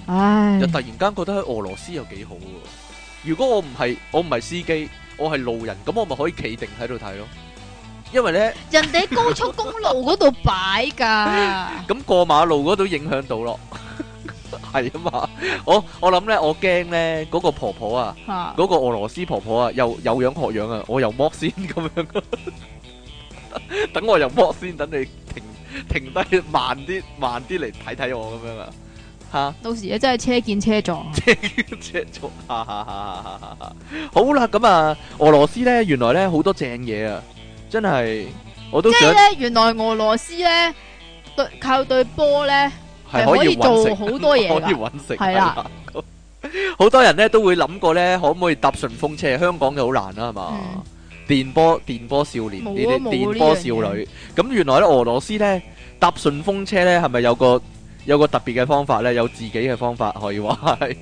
[SPEAKER 2] 唉。就突
[SPEAKER 1] 然間覺得喺俄羅斯又幾好。如果我唔係我唔係司機，我係路人，咁我咪可以企定喺度睇咯。因為咧，
[SPEAKER 2] 人哋喺高速公路嗰度擺噶，
[SPEAKER 1] 咁過馬路嗰度影響到咯，係啊嘛。我我諗咧，我驚咧嗰個婆婆啊，嗰個俄羅斯婆婆啊，又有樣學樣啊，我又剝先咁樣。等我又剝先，等你停停低，慢啲慢啲嚟睇睇我咁樣啊。吓，到
[SPEAKER 2] 時啊真係車見車
[SPEAKER 1] 撞，車見車撞。好啦，咁啊俄羅斯咧，原來咧好多正嘢啊。真係，即係咧，
[SPEAKER 2] 原來俄羅斯咧靠對波咧係可以做好多嘢噶，可以揾食，係啦，
[SPEAKER 1] 好多人咧都會諗過咧，可唔可以搭順風車？香港就好難啦，係嘛？電波電波少年，你哋電波少女，咁原來咧俄羅斯咧搭順風車咧，係咪有個有個特別嘅方法咧？有自己嘅方法可以話係。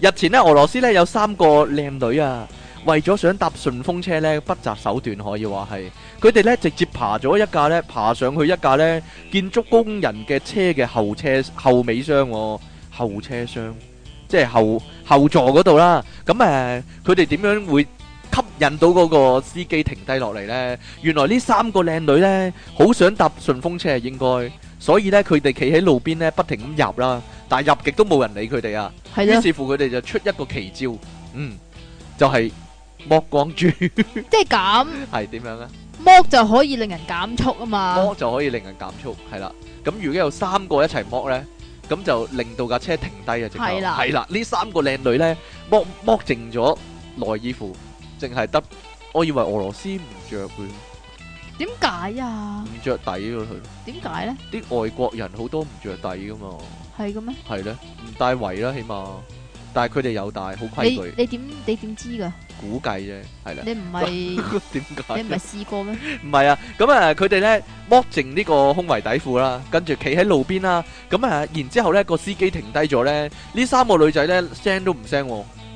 [SPEAKER 1] 日前咧，俄羅斯咧有三個靚女啊！為咗想搭順風車呢，不擇手段可以話係，佢哋呢直接爬咗一架呢，爬上去一架呢，建築工人嘅車嘅後車後尾箱喎，後車廂，即係後後座嗰度啦。咁誒，佢哋點樣會吸引到嗰個司機停低落嚟呢？原來呢三個靚女呢，好想搭順風車係應該，所以呢佢哋企喺路邊呢，不停咁入啦，但係入極都冇人理佢哋啊。係啦。於是乎佢哋就出一個奇招，嗯，就係。剝光豬，即係咁，係點樣咧？
[SPEAKER 2] 剝就可以令人減速啊嘛，剝
[SPEAKER 1] 就可以令人減速，係啦。咁如果有三個一齊剝咧，咁就令到架車停低啊！直頭係啦，呢三個靚女咧剝剝淨咗內衣褲，淨係得，我以為俄羅斯唔着嘅，
[SPEAKER 2] 點解啊？
[SPEAKER 1] 唔着底咯佢，點解咧？啲外國人好多唔着底噶嘛，係嘅咩？係咧，唔戴圍啦，起碼。但係佢哋有帶，好規矩。你你
[SPEAKER 2] 點你點知噶？
[SPEAKER 1] 估計啫，係啦。你唔係點解？你唔係試
[SPEAKER 2] 過咩？
[SPEAKER 1] 唔係啊，咁啊，佢哋咧剝淨呢個胸圍底褲啦，跟住企喺路邊啦，咁啊，然之後咧個司機停低咗咧，呢三個女仔咧聲都唔聲，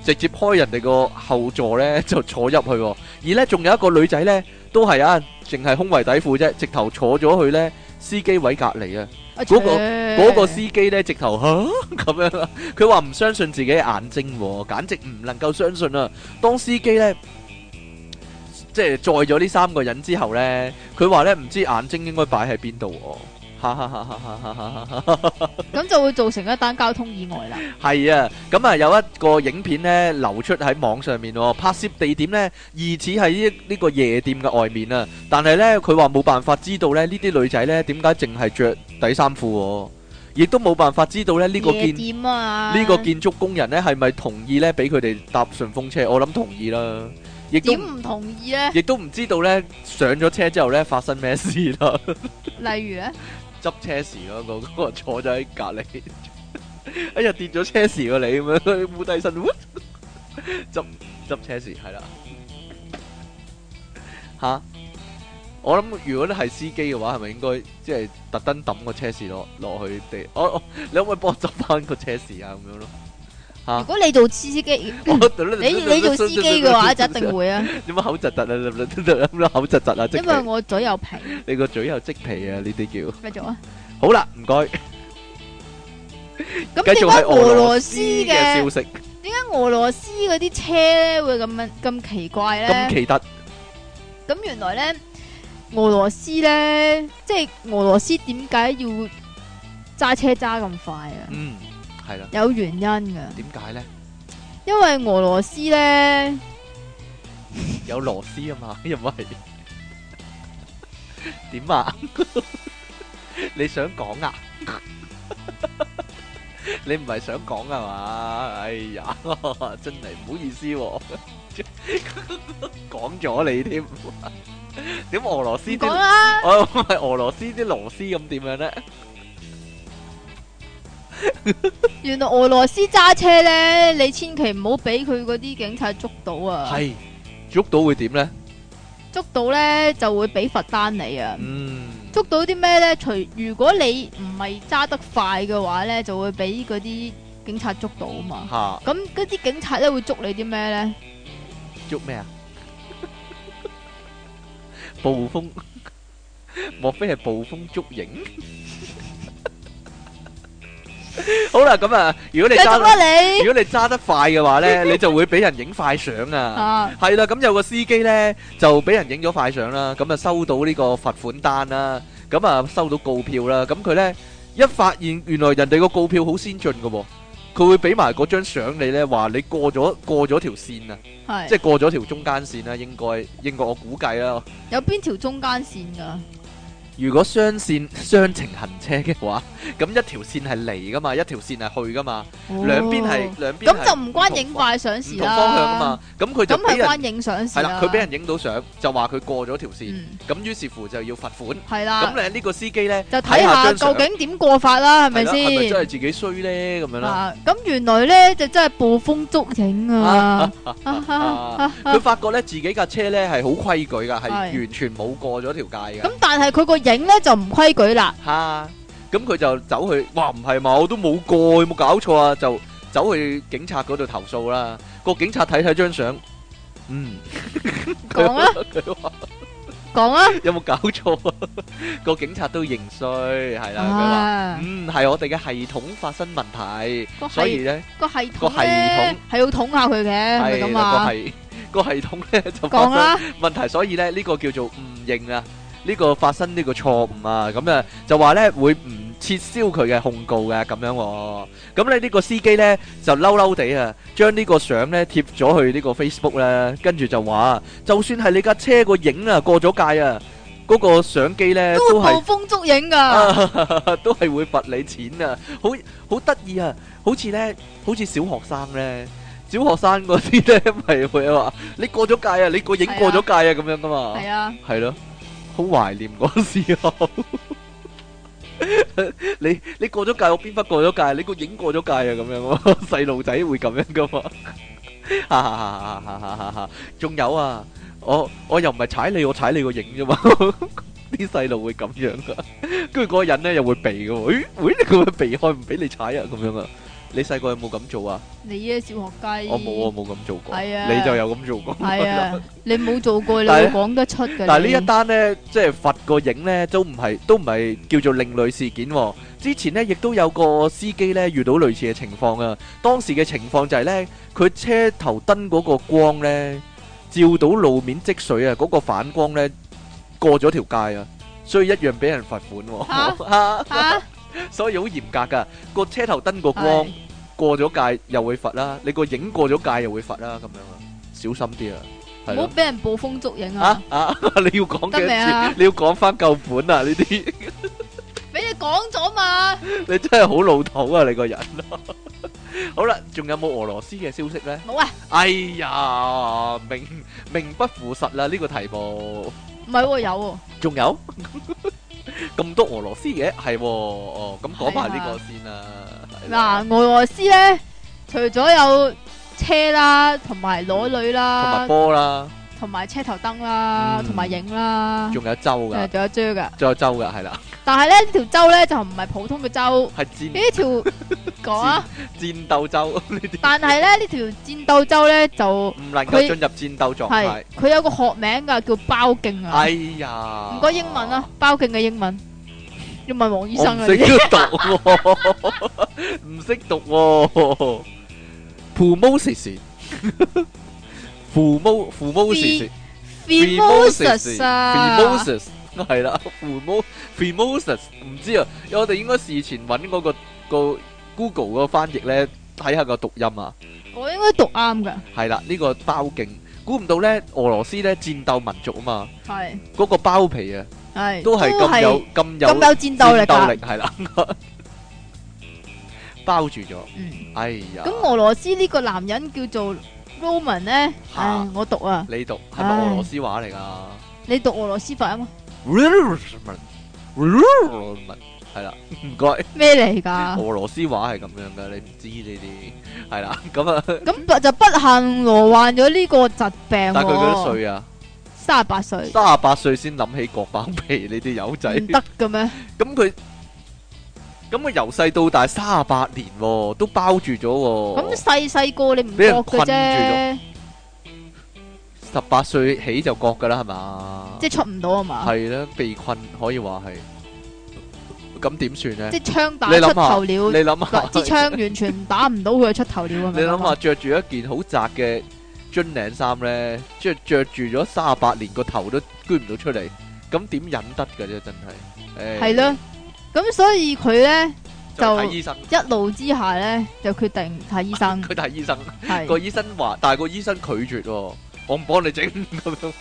[SPEAKER 1] 直接開人哋個後座咧就坐入去喎，而咧仲有一個女仔咧都係啊，淨係胸圍底褲啫，直頭坐咗去咧司機位隔離啊！嗰個嗰個司機呢，直頭嚇咁樣啦。佢話唔相信自己眼睛，簡直唔能夠相信啊。當司機呢，即係載咗呢三個人之後呢，佢話呢唔知眼睛應該擺喺邊度。哈哈哈！哈哈哈！哈哈
[SPEAKER 2] 哈，咁就會造成一單交通意外啦。
[SPEAKER 1] 係啊，咁啊有一個影片呢流出喺網上面，拍攝地點呢疑似喺呢呢個夜店嘅外面啊。但係呢，佢話冇辦法知道呢呢啲女仔呢點解淨係著。底衫褲喎，亦都冇辦法知道咧呢個建
[SPEAKER 2] 呢、啊呢個建
[SPEAKER 1] 築工人咧係咪同意咧俾佢哋搭順風車？我諗同意啦，亦都唔
[SPEAKER 2] 同意咧？亦
[SPEAKER 1] 都唔知道咧上咗車之後咧發生咩事咯？
[SPEAKER 2] 例如咧
[SPEAKER 1] 執車時咯、嗰個，我、嗰、我、個、坐咗喺隔離， [LAUGHS] 哎呀跌咗車時喎你咁樣，烏低身，執 [LAUGHS] 執車時係啦，嚇！啊我諗，如果你係司機嘅話，係咪應該即係特登抌個車匙落落去地？我、哦、我、哦、你可唔可以幫我執翻個車匙啊？咁樣咯，吓、啊！如果你
[SPEAKER 2] 做司機， [LAUGHS] 你你做司機嘅話就一
[SPEAKER 1] 定會啊！點解口窒窒啊？咁樣口窒窒啊！因為
[SPEAKER 2] 我嘴又皮，
[SPEAKER 1] 你個嘴又積皮啊！呢啲叫咩做啊！好啦，唔該。
[SPEAKER 2] 咁 [LAUGHS] 繼續俄羅斯嘅消息，點解俄羅斯嗰啲車咧會咁咁奇怪咧？咁奇特。咁原來咧。俄羅斯咧，即係俄羅斯點解要揸車揸咁快啊？嗯，
[SPEAKER 1] 係啦，有原因噶。點解咧？
[SPEAKER 2] 因為俄羅斯咧
[SPEAKER 1] [LAUGHS] 有螺絲啊嘛，又唔係點啊？ [LAUGHS] 你想講說啊？ [LAUGHS] 你唔係想講啊嘛？哎呀，真係唔好意思，啊，講 [LAUGHS] 咗你添。 [LAUGHS] 點 [LAUGHS] 俄羅斯嘅？講啊？俄羅斯啲螺絲咁點樣呢？
[SPEAKER 2] 原來俄羅斯揸車呢，你千祈唔好俾佢嗰啲警察捉到啊！係
[SPEAKER 1] 捉到會點呢？
[SPEAKER 2] 捉到呢就會俾罰單你啊！嗯，捉到啲咩呢？除如果你唔係揸得快嘅話呢，就會俾嗰啲警察捉到啊嘛。咁嗰啲警察咧會捉你啲咩呢？
[SPEAKER 1] 捉咩啊？暴風，莫非係暴風捉影？好啦，咁啊，如果你揸，如果你揸得快嘅話呢，你就會俾人影快相啊。係啦，咁有個司機呢就俾人影咗快相啦，咁啊收到呢個罰款單啦，咁啊收到告票啦，咁佢呢一發現原來人哋個告票好先進噶。佢會俾埋嗰張相你呢，話你過咗過咗條線啊，即係過咗條中間線啦，應該應該我估計啦。
[SPEAKER 2] 有邊條中間線㗎？
[SPEAKER 1] 如果雙線雙程行車嘅話，咁一條線係嚟噶嘛，一條線係去噶嘛，兩邊係兩邊咁就唔
[SPEAKER 2] 關影怪相事啦。唔同方向啊嘛，
[SPEAKER 1] 咁佢就係關
[SPEAKER 2] 影相事。係啦，佢俾人
[SPEAKER 1] 影到相就話佢過咗條線，咁於是乎就要罰款。係啦，咁你呢個司機咧就睇下究竟
[SPEAKER 2] 點過法啦，係咪先？真係
[SPEAKER 1] 自己衰咧咁樣啦。
[SPEAKER 2] 咁原來咧就真係捕風捉影啊！佢
[SPEAKER 1] 發覺咧自己架車咧係好規矩㗎，係完全冇過咗條界㗎。咁
[SPEAKER 2] 但係佢個人，整咧就唔規矩啦，
[SPEAKER 1] 吓，咁佢就走去話唔係嘛，我都冇過，有冇搞錯啊，就走去警察嗰度投訴啦。個警察睇睇張相，嗯，講啦，講啦，有冇搞錯啊？個警察都認衰係啦，佢話嗯，係我哋嘅系統發生問題，所以咧
[SPEAKER 2] 個系統咧係要捅下佢嘅，係咁啊，個係
[SPEAKER 1] 個系統咧就講啦問題，所以咧呢個叫做誤認啊。呢個發生呢個錯誤啊，咁啊就話咧會唔撤銷佢嘅控告嘅咁樣。咁咧呢個司機咧就嬲嬲地啊，將呢個相咧貼咗去呢個 Facebook 咧，跟住就話就算係你架車個影啊過咗界啊，嗰個相機咧都係捕
[SPEAKER 2] 風捉影噶，
[SPEAKER 1] 都係會罰你錢啊，好好得意啊，好似咧好似小學生咧，小學生嗰啲咧咪會話啊嘛，你過咗界啊，你個影過咗界啊，咁樣噶嘛，係啊，係咯。好懷念嗰時候，你你過咗界，我邊忽過咗界，你個影過咗界啊，咁樣，細路仔會咁樣噶嘛。哈哈哈！哈哈！哈哈！仲有啊，我我又唔係踩你，我踩你個影啫嘛。啲細路會咁樣噶，跟住嗰個人咧又會避噶，喂喂，佢會避開唔俾你踩啊，咁樣啊。你細個有冇咁做啊？你啊，
[SPEAKER 2] 小學雞！我冇，我冇
[SPEAKER 1] 咁做過。係啊，你就有咁做過。係啊，
[SPEAKER 2] 你冇做過，你講得出嘅。但係呢一單呢，
[SPEAKER 1] 即係罰個影呢，都唔係，都唔係叫做另類事件喎。之前呢，亦都有個司機呢，遇到類似嘅情況啊。當時嘅情況就係呢，佢車頭燈嗰個光呢，照到路面積水啊，嗰個反光呢，過咗條街啊，所以一樣俾人罰款喎。吓！所以好嚴格噶，個車頭燈個光過咗界，又會罰啦，你個影過咗界，又會罰啦，咁樣啊，小心啲啊，唔好俾
[SPEAKER 2] 人捕風捉影啊！
[SPEAKER 1] 啊啊，你要講幾次？你要講翻舊本啊？呢啲
[SPEAKER 2] 俾你講咗嘛？
[SPEAKER 1] 你真係好老土啊！你個人，好啦，仲有冇俄羅斯嘅消息咧？冇啊！哎呀，名名不符實啦！呢個題目唔係有，仲有。咁多俄羅斯嘅係喎，哦，咁講埋呢個先啦，啊。
[SPEAKER 2] 嗱、呃，俄羅斯咧，除咗有車啦，同埋裸女啦，同埋波啦。同埋車頭燈啦，同埋影啦，仲
[SPEAKER 1] 有周噶，仲有啫噶，仲有周噶係啦。
[SPEAKER 2] 但係咧呢條周咧就唔係普通嘅周，係戰呢條
[SPEAKER 1] 講啊，戰鬥周呢啲。
[SPEAKER 2] 但係咧呢條戰鬥周咧就唔能夠進入戰鬥狀態。佢有個學名噶叫包莖啊。哎
[SPEAKER 1] 呀，唔該英
[SPEAKER 2] 文啊，包莖嘅英文要問黃醫生啊。唔識
[SPEAKER 1] 讀，唔識讀，Pulmonis。父母，父母是誰？Phimosis 啊，係啦，父母，Phimosis 唔知啊，我哋應該事前揾嗰個個 Google 嗰個翻譯咧，睇下個讀音啊。
[SPEAKER 2] 我應該讀啱噶。
[SPEAKER 1] 係啦，呢個包莖，估唔到咧，俄羅斯咧戰鬥民族啊嘛。係。嗰個包皮啊，都係咁有咁有戰鬥力噶，係啦，包住咗。嗯。哎呀。咁
[SPEAKER 2] 俄羅斯呢個男人叫做？Roman 咧，
[SPEAKER 1] 吓我讀啊！你讀係咪俄羅斯話嚟噶？
[SPEAKER 2] 你讀俄羅斯法啊嘛
[SPEAKER 1] ？Roman，Roman 係啦，唔該。咩嚟噶？俄羅斯話係咁樣噶，你唔知呢啲係啦。咁啊，咁
[SPEAKER 2] 就就不幸罹患咗呢個疾病。但係佢幾多歲啊？三十八歲。三
[SPEAKER 1] 十八歲先諗起割包皮，你啲友仔，唔得
[SPEAKER 2] 噶咩？
[SPEAKER 1] 咁佢。咁佢由細到大三十八年，都包住咗。咁細
[SPEAKER 2] 細個你唔覺嘅啫。
[SPEAKER 1] 十八歲起就覺噶啦，係嘛？即係出唔到啊嘛。係啦，被困可以話係。咁點算咧？即係槍打出頭鳥，你諗下，支槍
[SPEAKER 2] 完全打唔到佢出頭鳥啊！你
[SPEAKER 1] 諗下，着住一件好窄嘅樽領衫咧，即係着住咗三十八年，個頭都捐唔到出嚟，咁點忍得噶啫？真係，誒，係咯。
[SPEAKER 2] 咁所以佢咧
[SPEAKER 1] 就睇醫生，一
[SPEAKER 2] 怒之下咧就決定睇醫生。佢
[SPEAKER 1] 睇醫生，個醫生話，但係個醫生拒絕，我唔幫你整咁樣。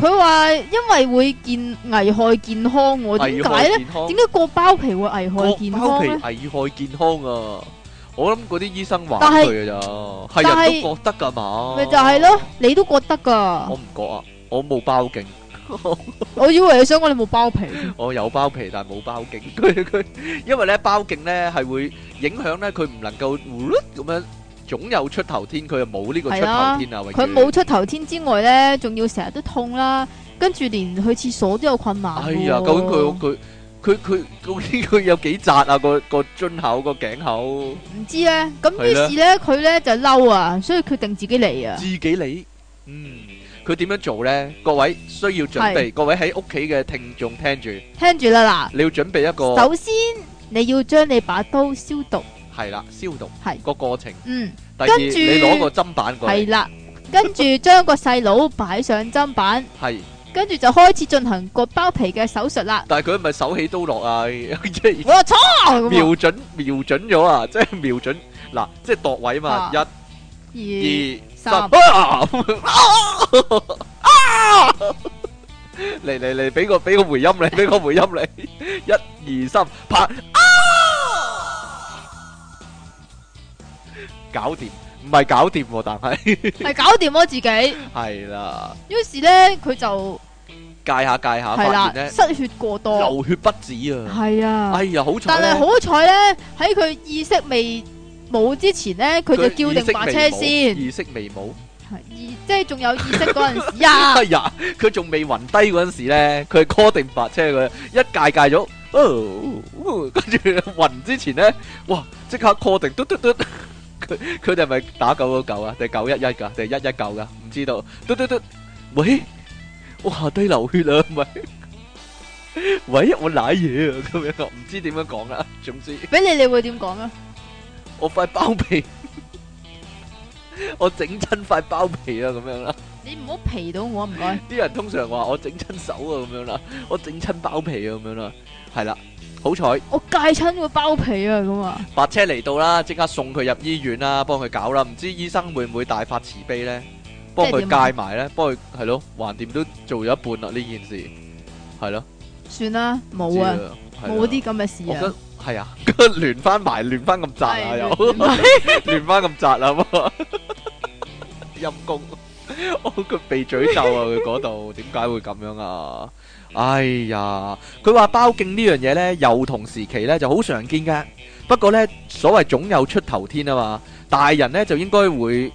[SPEAKER 2] 佢話因為會健危害健康，我點解咧？點解個包皮會危
[SPEAKER 1] 害健康咧？危害健康啊！我諗嗰啲醫生話佢噶咋，係人都覺得噶嘛？咪就係咯，
[SPEAKER 2] 你都覺得噶？我唔
[SPEAKER 1] 覺啊，我冇包莖。
[SPEAKER 2] 我我以為你想講你冇包皮，
[SPEAKER 1] 我有包皮但係冇包莖。佢佢因為咧包莖咧係會影響咧佢唔能夠胡碌咁樣，總有出頭天，佢又冇呢個出頭天啊，或者佢冇出
[SPEAKER 2] 頭天之外咧，仲要成日都痛啦，跟住連去廁所都有困難。哎呀，究竟佢
[SPEAKER 1] 佢佢佢究竟佢有幾窄啊？個個樽口個頸口？
[SPEAKER 2] 唔知咧，咁於是咧，佢咧就嬲啊，所以決定自己嚟啊，自
[SPEAKER 1] 己嚟，嗯。佢點樣做呢？各位需要準備，各位喺屋企嘅聽眾聽住，
[SPEAKER 2] 聽住啦嗱。你
[SPEAKER 1] 要準備一個，首
[SPEAKER 2] 先你要將你把刀消毒，
[SPEAKER 1] 係啦，消毒，係個過程，嗯。第二，你攞個砧板過嚟，係啦，
[SPEAKER 2] 跟住將個細佬擺上砧板，
[SPEAKER 1] 係，
[SPEAKER 2] 跟住就開始進行割包皮嘅手術啦。
[SPEAKER 1] 但係佢係咪手起刀落啊，我錯，瞄準瞄準咗啊，即係瞄準嗱，即係度位啊嘛一。
[SPEAKER 2] 二三，啊啊
[SPEAKER 1] 啊！嚟嚟嚟，俾個俾個回音你，俾個回音你，一二三，拍啊！搞掂，唔係搞掂，但係係
[SPEAKER 2] 搞掂我自己。
[SPEAKER 1] 係啦，
[SPEAKER 2] 於是咧，佢就
[SPEAKER 1] 戒下戒下，發現咧失
[SPEAKER 2] 血過多，流
[SPEAKER 1] 血不止啊！係啊，哎呀，好彩但係好
[SPEAKER 2] 彩咧，喺佢意識未冇之前咧，佢就叫定白車先。
[SPEAKER 1] 意識未冇
[SPEAKER 2] 係，即係仲有意識嗰
[SPEAKER 1] 陣時呀，佢仲未暈低嗰陣時咧，佢係 call 定白車佢。一戒戒咗，跟住暈之前咧，哇！即刻 call 定，嘟嘟嘟。佢佢哋係咪打九九九啊？定係九一一噶？定係一一九噶？唔知道，嘟嘟嘟。喂，哇！下低流血啊，喂喂，我瀨嘢啊，咁樣我唔知點樣講啦。總之，俾你
[SPEAKER 2] 你會點講啊？
[SPEAKER 1] 我塊包皮，我整親塊包皮啊，咁樣啦。
[SPEAKER 2] 你唔好皮到我，唔該。啲人
[SPEAKER 1] 通常話我整親手啊，咁樣啦。我整親包皮啊，咁樣啦。係啦，好彩。我
[SPEAKER 2] 戒親個包皮啊，咁啊。
[SPEAKER 1] 白車嚟到啦，即刻送佢入醫院啦，幫佢搞啦。唔知醫生會唔會大發慈悲咧，
[SPEAKER 2] 幫佢戒
[SPEAKER 1] 埋咧，幫佢係咯，橫掂都做咗一半啦呢件事，係咯。
[SPEAKER 2] 算啦，冇啊，冇啲咁嘅事啊。
[SPEAKER 1] 係啊，佢連翻埋，連翻咁窄啊，又連翻咁窄啊，陰公，我佢被嘴咒啊！佢嗰度點解會咁樣啊？哎呀，佢話包莖呢樣嘢呢，幼童時期呢就好常見嘅，不過呢，所謂總有出頭天啊嘛，大人呢，就應該會。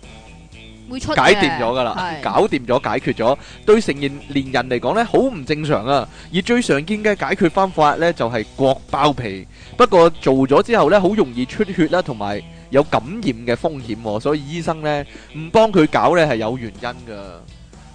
[SPEAKER 2] 解掂咗噶啦，搞
[SPEAKER 1] 掂咗解決咗，對成年年人嚟講咧好唔正常啊！而最常見嘅解決方法咧就係割包皮，不過做咗之後咧好容易出血啦，同埋有感染嘅風險，所以醫生咧唔幫佢搞咧係有原因噶，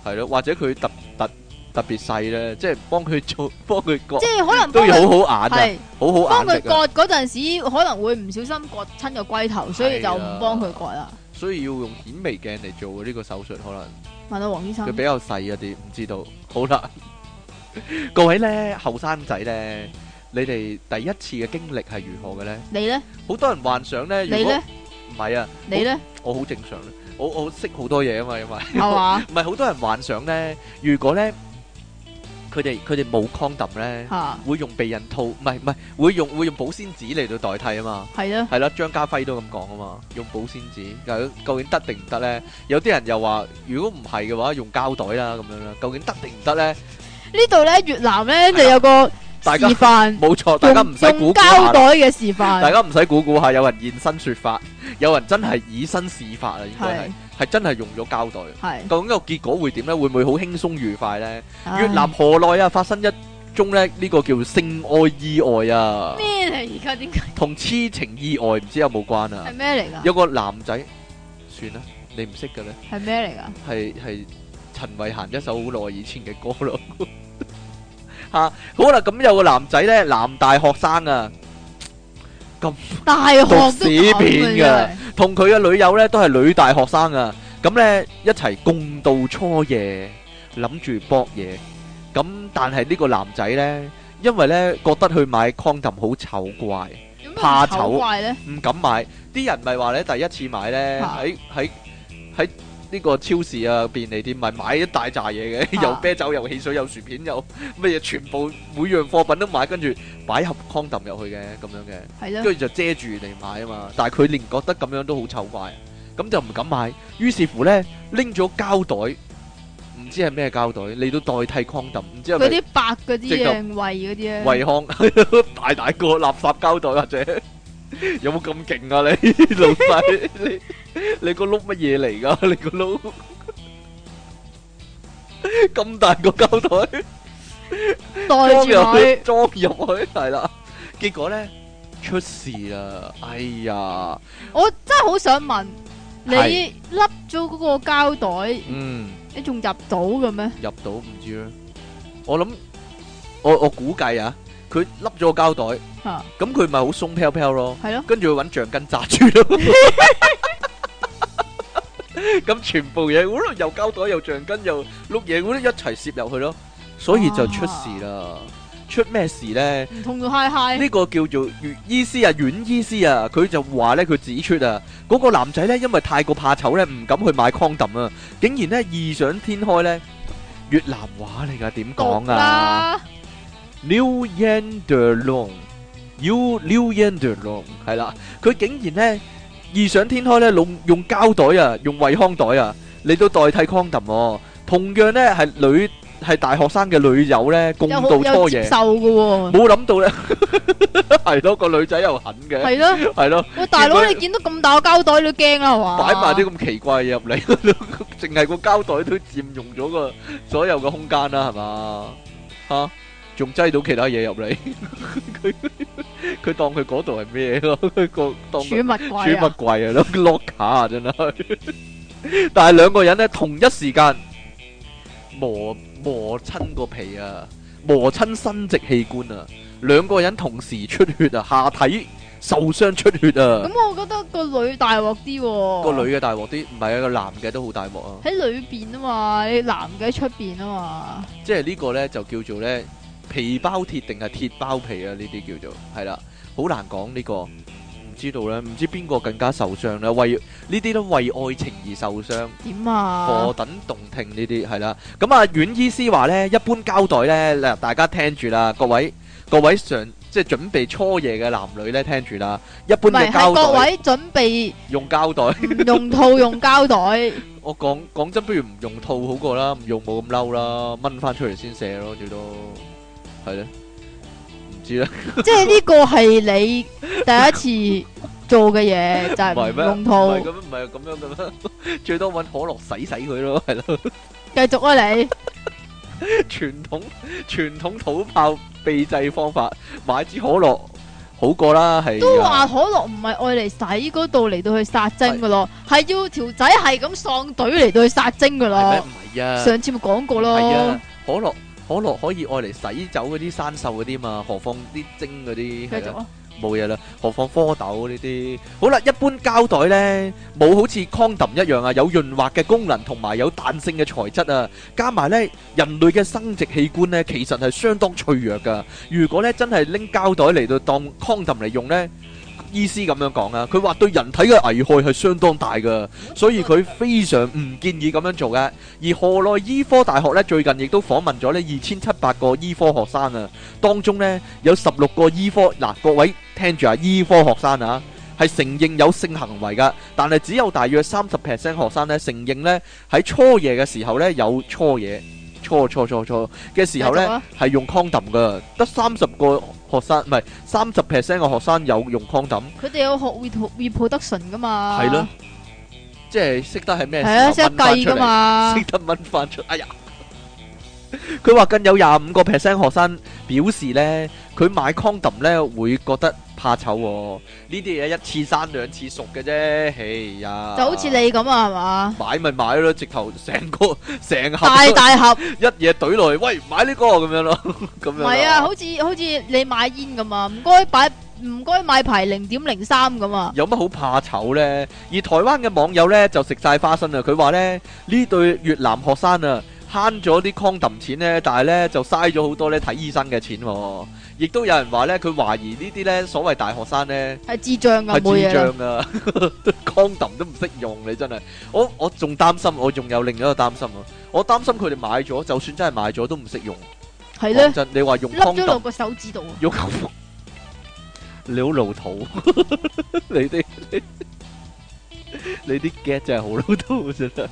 [SPEAKER 1] 係咯，或者佢特特特別細咧，即係幫佢做，幫佢割，即係可能都要好好眼啊，好好眼。幫佢割
[SPEAKER 2] 嗰陣時可能會唔小心割親個龜頭，所以就唔幫佢割啦。
[SPEAKER 1] 所以要用顯微鏡嚟做呢個手術，可能
[SPEAKER 2] 問到黃醫生，佢比
[SPEAKER 1] 較細一啲，唔知道。好啦，各位咧，後生仔咧，你哋第一次嘅經歷係如何嘅咧？你咧，好多人幻想咧，如果咧，你咧，唔係啊，你咧，我好正常，我我識好多嘢啊嘛，因為唔係好多人幻想咧，如果咧。佢哋佢哋冇 condom 咧，啊，會用避孕套，唔係唔係，會用會用保鮮紙嚟到代替啊嘛，係啊，係啦，張家輝都咁講啊嘛，用保鮮紙，又究竟得定唔得咧？有啲人又話，如果唔係嘅話，用膠袋啦咁樣啦，究竟得定唔得咧？
[SPEAKER 2] 這裡呢度咧，越南咧就有個示
[SPEAKER 1] 範大家，冇錯，大家唔使估估膠袋嘅示範猜猜，大家唔使估估下，有人現身説法，有人真係以身試法啦，應該係。係真係用咗膠袋，究竟個結果會點咧？會唔會好輕鬆愉快咧？越南河內啊？發生一宗咧呢個叫性愛意外啊！咩嚟？而家點解同痴情意外唔知有冇關啊？係咩嚟噶？有個男仔，算啦，你唔識嘅咧，係
[SPEAKER 2] 咩嚟啊？
[SPEAKER 1] 係係陳慧嫻一首好耐以前嘅歌咯。嚇，好啦，咁有個男仔咧，男大學生啊！咁大學屎片嘅，同佢嘅女友呢都係女大學生啊，咁呢，一齊共度初夜，諗住搏嘢，咁但係呢個男仔呢，因為呢覺得去買 condom 好醜怪，怕醜怪呢，怕醜，唔敢買。啲人咪話呢，第一次買呢，喺喺喺。呢個超市啊，便利店咪買一大扎嘢嘅，又啤酒，又汽水，又薯片，又乜嘢，全部每樣貨品都買，跟住擺盒 condom 入去嘅咁樣嘅，跟住就遮住嚟買啊嘛。但係佢連覺得咁樣都好醜怪，咁就唔敢買。於是乎呢，拎咗膠袋，唔知係咩膠袋你都代替 condom，唔知。嗰啲白嗰啲
[SPEAKER 2] 嘢，衞嗰啲啊。衞
[SPEAKER 1] 康，大大個垃圾膠袋或者。有冇咁勁啊你老細？你你個碌乜嘢嚟噶？你個碌咁大個膠袋，
[SPEAKER 2] 袋住，
[SPEAKER 1] 裝入去係啦。結果咧，出事啦！哎呀，
[SPEAKER 2] 我真係好想問你，笠咗嗰個膠袋，
[SPEAKER 1] 嗯，
[SPEAKER 2] 你仲入到嘅咩？
[SPEAKER 1] 入到唔知啦。我諗，我我估計啊。佢笠咗個膠袋，咁佢咪好鬆飄飄咯，跟住去揾橡筋紮住咯，咁全部嘢，嗰度又膠袋又橡筋又碌嘢，嗰啲一齊攝入去咯，所以就出事啦。出咩事咧？痛到嗨嗨。呢個叫做粵醫師啊，阮醫師啊，佢就話咧，佢指出啊，嗰個男仔咧，因為太過怕醜咧，唔敢去買 condom 啊，竟然咧異想天開咧，越南話嚟噶，點講啊？New under long, new new under long 係啦，佢竟然咧異想天開咧，用用膠袋啊，用衛生袋啊嚟到代替 condom，同樣咧係女係大學生嘅女友咧共度初夜，受
[SPEAKER 2] 嘅冇
[SPEAKER 1] 諗到咧係咯，個女仔又狠嘅係咯，係咯，喂大佬你
[SPEAKER 2] 見到咁大個膠袋你驚啦係嘛，擺埋啲
[SPEAKER 1] 咁奇怪嘢入嚟，淨係個膠袋都佔用咗個所有嘅空間啦係嘛，吓。仲擠到其他嘢入嚟，佢 [LAUGHS] 佢當佢嗰度係咩咯？佢個儲物櫃物櫃啊 locker 啊，真係！但係兩個人呢，同一時間磨磨親個皮啊，磨親生殖器官啊，兩個人同時出血啊，下體受傷出血啊。咁我
[SPEAKER 2] 覺得個女大鑊啲，個女
[SPEAKER 1] 嘅大鑊啲，唔係啊，個男嘅都好大鑊啊。
[SPEAKER 2] 喺裏邊啊嘛，你男嘅喺出邊啊嘛。
[SPEAKER 1] 即係呢個咧就叫做咧。皮包鐵定係鐵包皮啊！呢啲叫做係啦，好難講呢個，唔知道咧，唔知邊個更加受傷咧？為呢啲都為愛情而受傷，
[SPEAKER 2] 點啊？何
[SPEAKER 1] 等動聽呢啲係啦，咁啊，阮醫師話咧，一般膠袋咧，嗱大家聽住啦，各位各位上即係準備初夜嘅男女咧，聽住啦，一般嘅膠袋係各位準備用膠袋，用套
[SPEAKER 2] 用膠袋。
[SPEAKER 1] 我講講真，不如唔用套好過啦，唔用冇咁嬲啦，掹翻出嚟先射咯，最多。係咧，唔知啦。即
[SPEAKER 2] 係呢個係你第一次做嘅嘢，就係唔用套。唔
[SPEAKER 1] 係咁，唔係咁樣嘅咩？最多搵可樂洗洗佢咯，係咯。繼續啊你！傳統傳統土炮秘製方法，買支可樂好過啦，係。都話
[SPEAKER 2] 可樂唔係愛嚟洗嗰度嚟到去殺精噶咯，係要條仔係咁喪隊嚟到去殺精噶咯。係咩？唔係啊。上次咪講過咯。係
[SPEAKER 1] 啊，可樂。可樂可以愛嚟洗走嗰啲生鏽嗰啲嘛？何況啲蒸嗰啲冇嘢啦。何況蝌蚪呢啲？好啦，一般膠袋呢，冇好似 condom 一樣啊，有潤滑嘅功能同埋有彈性嘅材質啊。加埋呢，人類嘅生殖器官呢，其實係相當脆弱㗎。如果呢真係拎膠袋嚟到當 condom 嚟用呢。醫師咁樣講啊，佢話對人體嘅危害係相當大嘅，所以佢非常唔建議咁樣做嘅。而荷蘭醫科大學呢，最近亦都訪問咗呢二千七百個醫科學、啊、學生啊，當中呢，有十六個醫科嗱，各位聽住啊，醫科學生啊，係承認有性行為噶，但係只有大約三十 percent 學生呢，承認呢喺初夜嘅時候呢，有初夜。錯錯錯錯嘅時候咧，係、啊、用 condom 噶，得三十個學生，唔係三十 percent 嘅學生有用 condom。
[SPEAKER 2] 佢哋有學會 reproduction 噶嘛？係咯，
[SPEAKER 1] 即係識得係咩？係啊，識得計噶嘛？識得搵翻出，哎呀！佢話更有廿五個 percent 學生表示呢，佢買 condom 呢會覺得怕醜，哦。呢啲嘢一次生兩次熟嘅啫，哎呀，就好似你
[SPEAKER 2] 咁啊，係嘛？
[SPEAKER 1] 買咪買咯，直頭成個成盒，大大盒，一嘢懟落去，喂，買呢個咁樣咯，咁樣。係啊，好
[SPEAKER 2] 似好似你買煙咁啊，唔該買，唔該買排零點零三咁啊。
[SPEAKER 1] 有乜好怕醜呢？而台灣嘅網友呢，就食晒花生啊！佢話呢，呢對越南學生啊。慳咗啲 condom 錢咧，但係咧就嘥咗好多咧睇醫生嘅錢。亦都有人話咧，佢懷疑呢啲咧所謂大學生咧係智障啊，係智障啊，condom 都唔識用，你真係我我仲擔心，我仲有另一個擔心咯，我擔心佢哋買咗，就算真係買咗都唔識用，
[SPEAKER 2] 係咧，你話用 condom 都落個手指度，你好
[SPEAKER 1] 老土，你啲你啲 get 真係好老土，真係。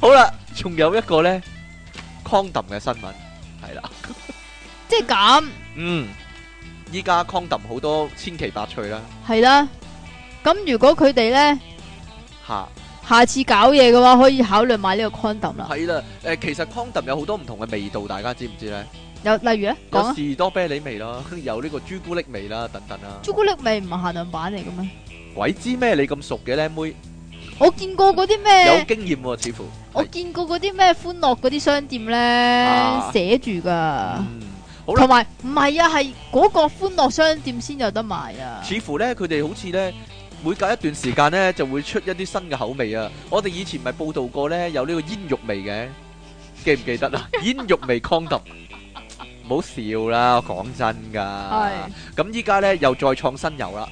[SPEAKER 1] 好啦，仲有一個咧，condom 嘅新聞係啦，即係咁，嗯，依家 condom 好多千奇百趣啦，
[SPEAKER 2] 係啦，咁如果佢哋咧吓下次搞嘢嘅話，可以考慮買呢個 condom 啦，
[SPEAKER 1] 係啦，誒，其實 condom 有好多唔同嘅味道，大家知唔知咧？
[SPEAKER 2] 有例如咧，講士
[SPEAKER 1] 多啤梨味啦，有呢個朱古力味啦，等等啊，朱
[SPEAKER 2] 古力味唔係限量版嚟嘅咩？
[SPEAKER 1] 鬼知咩？你咁熟嘅靚妹？
[SPEAKER 2] 我見過嗰啲咩？有經
[SPEAKER 1] 驗喎，似乎。
[SPEAKER 2] 我見過嗰啲咩歡樂嗰啲商店咧，寫住噶。嗯，好啦。同埋唔係啊，係嗰個歡樂商店先有得賣啊。
[SPEAKER 1] 似乎咧，佢哋好似咧，每隔一段時間咧就會出一啲新嘅口味啊。我哋以前咪報道過咧，有呢個煙肉味嘅，記唔記得啊？煙肉味 condom，唔好笑啦，我講真噶。係。咁依家咧又再創新油啦。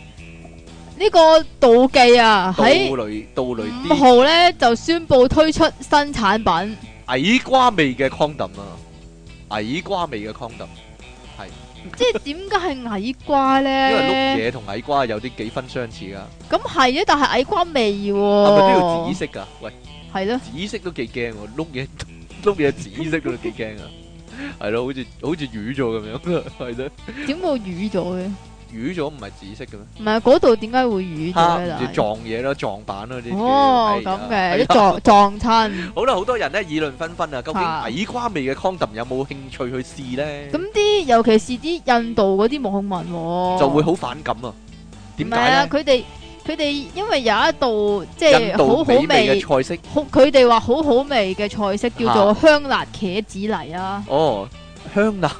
[SPEAKER 2] 呢個杜記啊喺
[SPEAKER 1] 五號咧
[SPEAKER 2] 就宣布，推出新產品
[SPEAKER 1] 矮瓜味嘅 condom 啦。矮瓜味嘅 condom 係，即
[SPEAKER 2] 係點解係矮瓜咧？因為碌嘢
[SPEAKER 1] 同矮瓜有啲幾分相似啊！
[SPEAKER 2] 咁係啊，但係矮瓜味喎，係咪都要紫
[SPEAKER 1] 色噶？喂，係咯，紫色都幾驚喎，碌嘢碌嘢紫色都，幾驚啊！係咯，好似好似瘀咗咁樣啊，係咯，
[SPEAKER 2] 點會瘀咗嘅？
[SPEAKER 1] 瘀咗唔係紫色嘅咩？
[SPEAKER 2] 唔係嗰度，點解會瘀咗咧？
[SPEAKER 1] 撞嘢咯，撞板咯啲。哦，咁嘅啲撞撞親。好啦，好多人咧，議論紛紛啊！究竟矮瓜味嘅 condom 有冇興趣去試咧？咁
[SPEAKER 2] 啲，尤其係啲印度嗰啲穆罕民，就會好
[SPEAKER 1] 反感啊！點解咧？佢
[SPEAKER 2] 哋佢哋因為有一道即係好好味嘅菜式，好佢哋話好好味嘅菜式叫做香辣茄子泥啊！
[SPEAKER 1] 哦，香辣。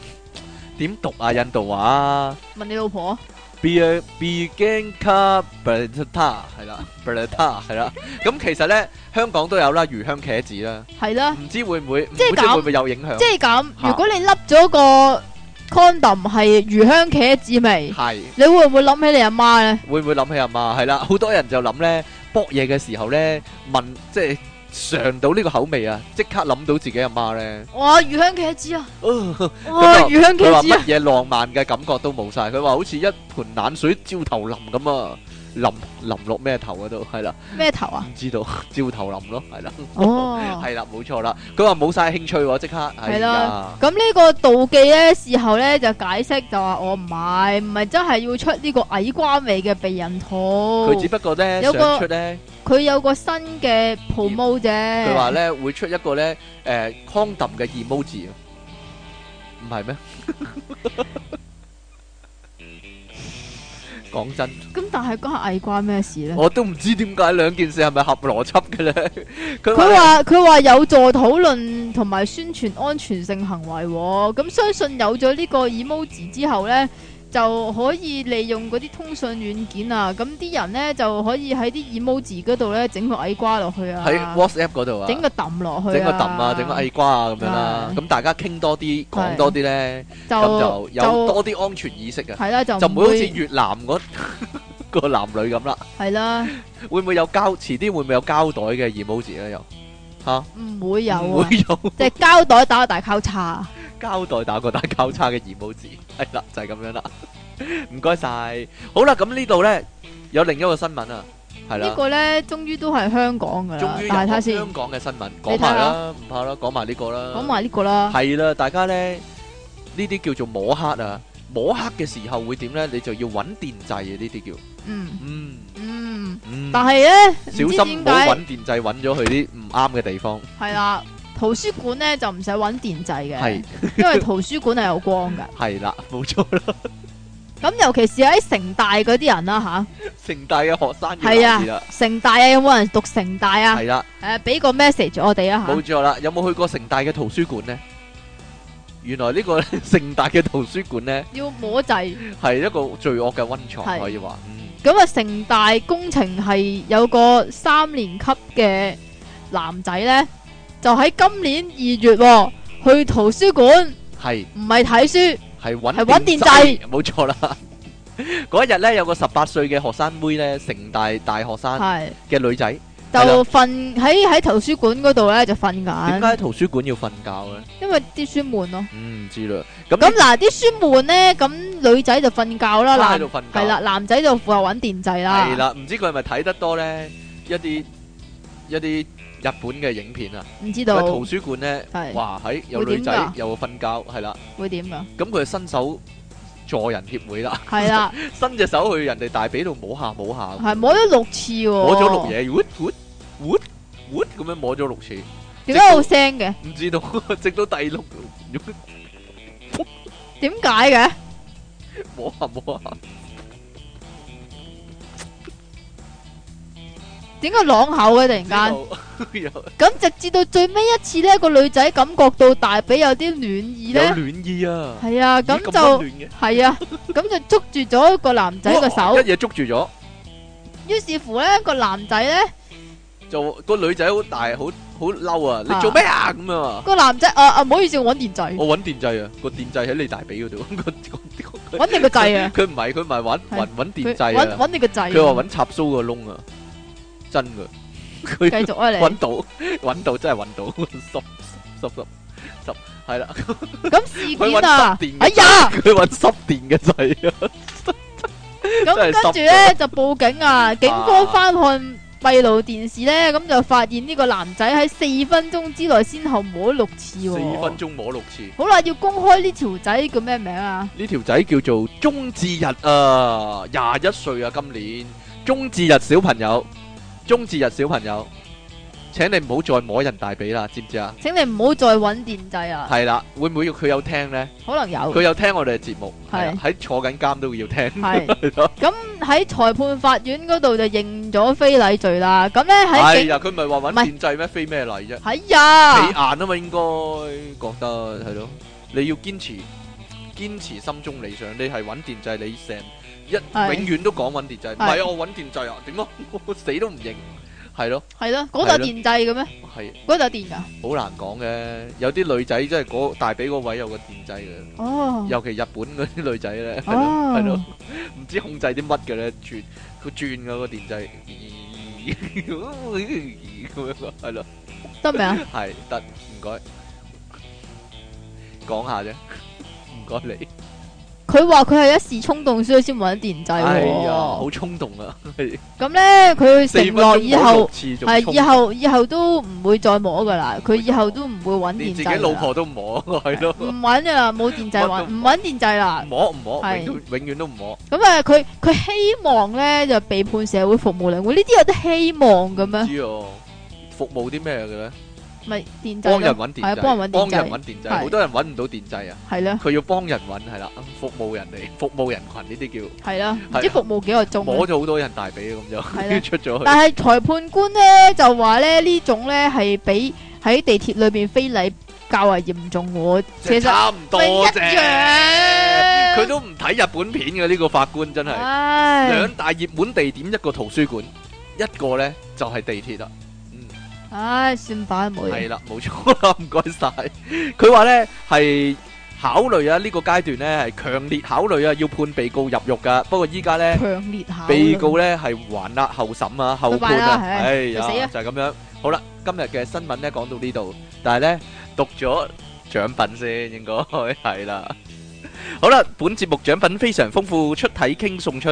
[SPEAKER 1] 點讀啊，印度話？問你老婆。Be a beginner, beta 係啦，beta 係啦。咁其實咧，香港都有啦，魚香茄子啦，係啦。唔知會唔會，即係咁，會唔會有影響？即係咁，如果
[SPEAKER 2] 你笠咗個 condom 係魚香茄子味，係，你會唔會諗起你阿媽咧？
[SPEAKER 1] 會唔會諗起阿媽？係啦，好多人就諗咧，搏嘢嘅時候咧，問即係。嘗到呢個口味啊，即刻諗到自己阿媽咧。
[SPEAKER 2] 哇！魚香茄子啊， [LAUGHS] 佢
[SPEAKER 1] 話哇！魚香茄子啊，乜嘢浪漫嘅感覺都冇晒。佢話好似一盆冷水照頭淋咁啊！淋淋落咩頭嗰度？係啦，
[SPEAKER 2] 咩頭啊？唔
[SPEAKER 1] 知道，照頭淋咯，係啦。Oh. [LAUGHS] 哦，係啦，冇錯啦。佢話冇晒興趣喎，即刻係啦。
[SPEAKER 2] 咁呢個妒忌咧，事後咧就解釋就話我唔係，唔係真係要出呢個矮瓜味嘅避孕套。佢只不過咧想出咧，佢有個新嘅 promo 啫。佢話
[SPEAKER 1] 咧會出一個咧，誒、呃、condom 嘅 emoji，唔係咩？ [LAUGHS] 講真，咁、
[SPEAKER 2] 嗯、但係嗰下係關咩事呢？我
[SPEAKER 1] 都唔知點解兩件事係咪合邏輯嘅咧。佢話
[SPEAKER 2] 佢話有助討論同埋宣傳安全性行為，哦，咁相信有咗呢個 emoji 之後呢。就可以利用嗰啲通訊軟件啊，咁啲人咧就可以喺啲 emoji 嗰度咧整個矮瓜落去啊，喺 WhatsApp 嗰度啊，整個抌落去，整個抌
[SPEAKER 1] 啊，整個、啊、個矮瓜啊咁樣啦，啊，咁大家傾多啲，講多啲咧，咁就，就有多啲安全意識嘅，啊，係啦，就就唔會好似越南嗰個 [LAUGHS] 男女咁啦，啊，係啦，會唔會有膠？遲啲會唔會有膠袋嘅 emoji 咧？又、啊、嚇，
[SPEAKER 2] 唔會有，啊，唔會有，即係膠袋打大交叉。
[SPEAKER 1] 交代打個打交叉嘅二母字，係啦，就係咁樣啦。唔該晒，好啦，咁呢度咧有另一個新聞啊，係啦，呢個
[SPEAKER 2] 咧終於都係香港噶，大睇先。香
[SPEAKER 1] 港嘅新聞講埋啦，唔怕啦，講埋呢個啦，講埋呢個啦，係啦，大家咧呢啲叫做摸黑啊，摸黑嘅時候會點咧？你就要揾電掣啊，呢啲叫，
[SPEAKER 2] 嗯嗯嗯，但係咧小心唔好揾
[SPEAKER 1] 電掣揾咗去啲唔啱嘅地方，
[SPEAKER 2] 係啦。圖書館咧就唔使揾電掣嘅，因為圖書館係有光嘅。
[SPEAKER 1] 係 [LAUGHS] 啦，冇錯啦。
[SPEAKER 2] 咁尤其是喺城大嗰啲人啊，吓，
[SPEAKER 1] 城大嘅學生，係啊，
[SPEAKER 2] 城大啊，有冇人讀城大啊？係啦，誒，俾個 message 我哋啊吓。冇
[SPEAKER 1] 錯啦，有冇去過城大嘅圖書館呢？原來呢個城大嘅圖書館咧，
[SPEAKER 2] 要摸掣，
[SPEAKER 1] 係一個罪惡嘅温床，可以話。咁、
[SPEAKER 2] 嗯、啊，嗰個、城大工程系有個三年級嘅男仔咧。就喺今年二月去圖書館，
[SPEAKER 1] 係，唔係
[SPEAKER 2] 睇書？
[SPEAKER 1] 係搵係搵電掣，冇錯啦。嗰日咧，有個十八歲嘅學生妹咧，城大大學生系嘅女仔，就
[SPEAKER 2] 瞓喺喺圖書館嗰度咧就瞓緊。點解喺
[SPEAKER 1] 圖書館要瞓覺咧？
[SPEAKER 2] 因為啲書悶咯。
[SPEAKER 1] 唔知啦。咁咁嗱，
[SPEAKER 2] 啲書悶咧，咁女仔就瞓覺啦。男喺度瞓係啦，男仔就負責搵電掣啦。係啦，
[SPEAKER 1] 唔知佢係咪睇得多咧一啲一啲。日本嘅影片啊，唔知道。喺圖書館咧，哇喺有女仔又瞓覺，係啦。
[SPEAKER 2] 會點噶？
[SPEAKER 1] 咁佢伸手助人協會啦，係啦，伸隻手去人哋大髀度摸下摸下，係
[SPEAKER 2] 摸咗六次喎，摸咗六嘢
[SPEAKER 1] ，wood wood wood wood 咁樣摸咗六次，
[SPEAKER 2] 點解冇聲嘅？
[SPEAKER 1] 唔知道，直到第六，
[SPEAKER 2] 點解嘅？
[SPEAKER 1] 摸下摸下。
[SPEAKER 2] 點解朗口嘅突然間？咁直至到最尾一次咧，個女仔感覺到大髀有啲暖意咧。有暖
[SPEAKER 1] 意啊！係啊，咁就係
[SPEAKER 2] 啊，咁就捉住咗個男仔個
[SPEAKER 1] 手，一嘢捉住咗。
[SPEAKER 2] 於是乎咧，個男仔咧
[SPEAKER 1] 就個女仔好大，好好嬲啊！你做咩啊？咁啊！個
[SPEAKER 2] 男仔，啊啊，唔好意思，我搵電掣。
[SPEAKER 1] 我搵電掣啊！個電掣喺你大髀嗰度，搵你個掣啊！佢唔係，佢唔係搵搵搵電掣，搵搵你個掣。佢話搵插蘇個窿啊！真噶，佢繼續愛嚟揾到揾到，真係揾到濕濕濕濕，係啦。咁事件啊，哎呀，佢揾濕電嘅仔啊。咁跟住咧
[SPEAKER 2] 就報警啊，警方翻看閉路電視咧，咁就發現呢個男仔喺四分鐘之內先後摸六次。四分
[SPEAKER 1] 鐘摸六次，好
[SPEAKER 2] 啦，要公開呢條仔叫咩名啊？
[SPEAKER 1] 呢條仔叫做鐘志日啊，廿一歲啊，今年鐘志日小朋友。中字日小朋友，請你唔好再摸人大髀啦，知唔知啊？
[SPEAKER 2] 請你唔好再揾電掣啊！係
[SPEAKER 1] 啦，會唔會要佢有聽呢？
[SPEAKER 2] 可能有，佢有
[SPEAKER 1] 聽我哋嘅節目，喺坐緊監都會要聽，係咯。咁
[SPEAKER 2] 喺裁判法院嗰度就認咗非禮罪啦。咁呢喺係
[SPEAKER 1] 啊，佢唔係話揾電掣咩？非咩禮啫？係啊，皮硬啊嘛，應該覺得係咯。你要堅持，堅持心中理想。你係揾電掣，你成。一永遠都講揾電掣，唔係啊，我揾電掣啊？點咯？我死都唔認，係咯？
[SPEAKER 2] 係咯？嗰度電掣嘅咩？係，嗰度電㗎？
[SPEAKER 1] 好難講嘅，有啲女仔真係嗰大髀個位有個電掣嘅，尤其日本嗰啲女仔咧，係咯係咯，唔知控制啲乜嘅咧，轉佢轉嗰個電掣，咁樣咯，係咯，得未啊？係得，唔該，講下啫，唔該你。
[SPEAKER 2] 佢話佢係一時衝動才找，欸，所以先搵電掣。係、嗯、
[SPEAKER 1] 好衝動啊！
[SPEAKER 2] 咁咧，佢承諾以後係以後以後都唔會再摸噶啦。佢以後都唔會搵電掣。你自己老婆都
[SPEAKER 1] 唔摸，係咯？唔
[SPEAKER 2] 搵啦，冇電掣玩，唔搵電掣啦。摸唔摸？係
[SPEAKER 1] 永遠都唔摸。
[SPEAKER 2] 咁啊，佢佢希望咧就被判社會服務令。會呢啲有得希望嘅咩？
[SPEAKER 1] 知、哦、服務啲咩嘅咧？
[SPEAKER 2] 咪電掣，係啊，幫人揾電掣，幫人揾電掣，好多人
[SPEAKER 1] 揾唔到電掣啊！係咧，佢要幫人揾，係啦，服務人哋，服務人群呢啲叫。
[SPEAKER 2] 係啦，唔知服務幾多鐘，攞咗好
[SPEAKER 1] 多人大髀咁就出咗去。但係
[SPEAKER 2] 裁判官咧就話咧呢種咧係比喺地鐵裏邊非禮較為嚴重，我其實差唔多啫。佢都
[SPEAKER 1] 唔睇日本片嘅呢個法官真係。兩大熱門地點，一個圖書館，一個咧就係地鐵啦。
[SPEAKER 2] 唉，算罷冇嘢。係啦，
[SPEAKER 1] 冇錯啦，唔該晒。佢話咧係考慮啊，呢個階段咧係強烈考慮啊，要判被告入獄噶不過依家咧，強
[SPEAKER 2] 烈下被告咧
[SPEAKER 1] 係還押後審啊，後判啊，係就死啊，就咁樣。好啦，今日嘅新聞咧講到呢度，但係咧讀咗獎品先，應該係啦。好啦，本節目獎品非常豐富，出體 king 送出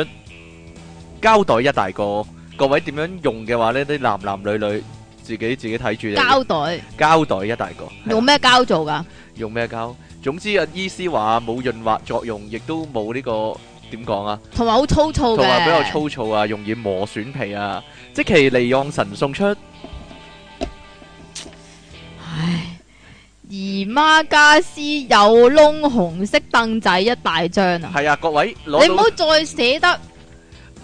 [SPEAKER 1] 膠袋一大個，各位點樣用嘅話咧，啲男男女女。自己自己睇住嚟膠袋，膠袋一大個，
[SPEAKER 2] 用咩膠做㗎？
[SPEAKER 1] 用咩膠？總之啊，醫師話冇潤滑作用，亦都冇呢個點講啊，
[SPEAKER 2] 同埋好粗糙嘅，同埋比較粗
[SPEAKER 1] 糙啊，容易磨損皮啊。即其利用神送出，
[SPEAKER 2] 唉，姨媽家私有窿，紅色凳仔一大張啊！
[SPEAKER 1] 係啊，各位，你唔好
[SPEAKER 2] 再捨得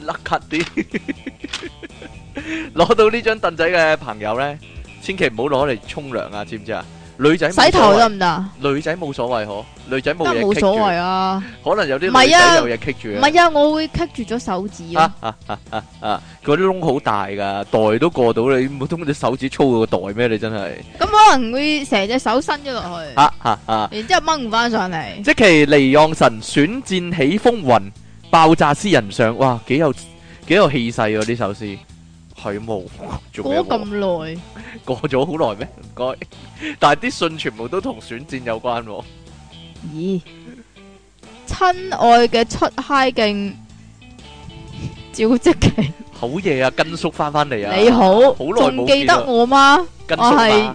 [SPEAKER 1] 甩咳啲。攞到呢張凳仔嘅朋友咧，千祈唔好攞嚟沖涼啊！知唔知啊？女仔洗頭得唔得？女仔冇所謂嗬女仔冇嘢。冇所謂啊，可能有啲女仔有嘢棘住。唔係啊，
[SPEAKER 2] 我會棘住咗手指啊啊啊
[SPEAKER 1] 啊！佢啲窿好大噶袋都過到你，冇通隻手指粗過個袋咩？你真係
[SPEAKER 2] 咁可能會成隻手伸咗落去啊
[SPEAKER 1] 啊啊！
[SPEAKER 2] 然之後掹唔翻上嚟，
[SPEAKER 1] 積淇離岸神選戰起風雲爆炸詩人上哇，幾有幾有氣勢啊？呢首詩。佢冇，過咁耐，過咗好耐咩？唔該，但係啲信全部都同選戰有關。咦？
[SPEAKER 2] 親愛嘅出嗨勁，趙積淇，
[SPEAKER 1] 好夜啊！根叔翻翻嚟啊！你好，好耐冇見，仲記得我
[SPEAKER 2] 嗎？我係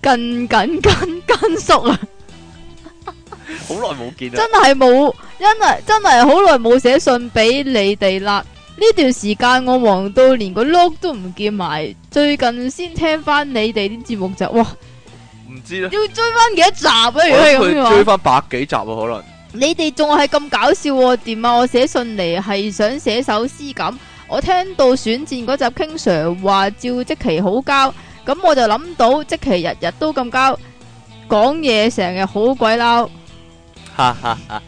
[SPEAKER 2] 跟緊根根叔啦，
[SPEAKER 1] 好耐冇見啊！真係
[SPEAKER 2] 冇，因為真係好耐冇寫信俾你哋啦。呢段時間我忙到連個 look 都唔見埋，最近先聽翻你哋啲節目就哇，唔知啦，要追翻幾多集啊？不如追
[SPEAKER 1] 翻百幾集啊？可能
[SPEAKER 2] 你哋仲係咁搞笑、啊，點啊？我寫信嚟係想寫首詩咁，我聽到選戰嗰集 King Sir 話照積淇好交，咁我就諗到積淇日日都咁交，講嘢成日好鬼撈，
[SPEAKER 1] 哈哈哈！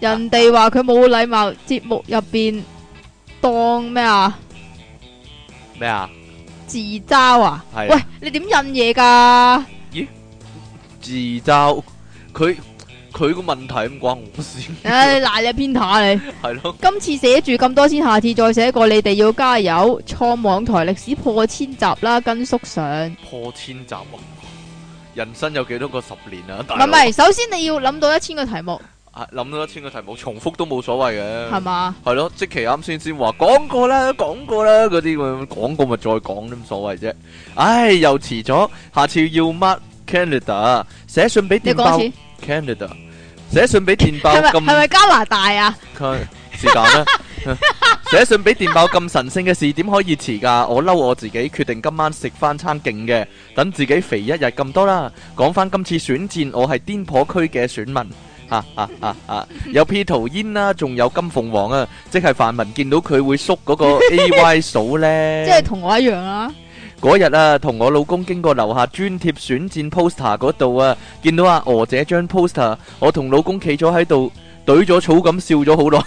[SPEAKER 1] 人
[SPEAKER 2] 哋話佢冇禮貌，節目入邊。當咩啊？
[SPEAKER 1] 咩啊？
[SPEAKER 2] 自嘲啊？係喂，你點印嘢㗎？咦、欸？
[SPEAKER 1] 自嘲佢佢個問題唔關我事。唉、
[SPEAKER 2] 欸，嗱你偏袒你。係咯。今次寫住咁多先，下次再寫過。你哋要加油，創網台歷史破千集啦，跟叔
[SPEAKER 1] 上。破千集啊！人生有幾多個十年啊？唔係，首先你要
[SPEAKER 2] 諗到一千個題目。
[SPEAKER 1] 係諗到一千個題目，重複都冇所謂嘅。係嘛？係咯，即期啱先先話講過啦，講過啦，嗰啲咁樣講過咪再講都冇所謂啫。唉，又遲咗，下次要乜 Canada 寫信俾電報 Canada 寫信俾電報，係咪
[SPEAKER 2] 加拿大啊？
[SPEAKER 1] 佢是講啦，寫 [LAUGHS] [LAUGHS] 信俾電報咁神聖嘅事，點可以遲噶？我嬲我自己，決定今晚食翻餐勁嘅，等自己肥一日咁多啦。講翻今次選戰，我係癲婆區嘅選民。啊啊啊啊！有 P 圖煙啦，仲有金鳳凰啊，即係凡民見到佢會縮嗰個 A Y 數呢，即係
[SPEAKER 2] 同我一樣啊。
[SPEAKER 1] 嗰日啊，同我老公經過樓下專貼選戰 poster 嗰度啊，見到阿娥姐張 poster，我同老公企咗喺度，懟咗草咁笑咗好耐。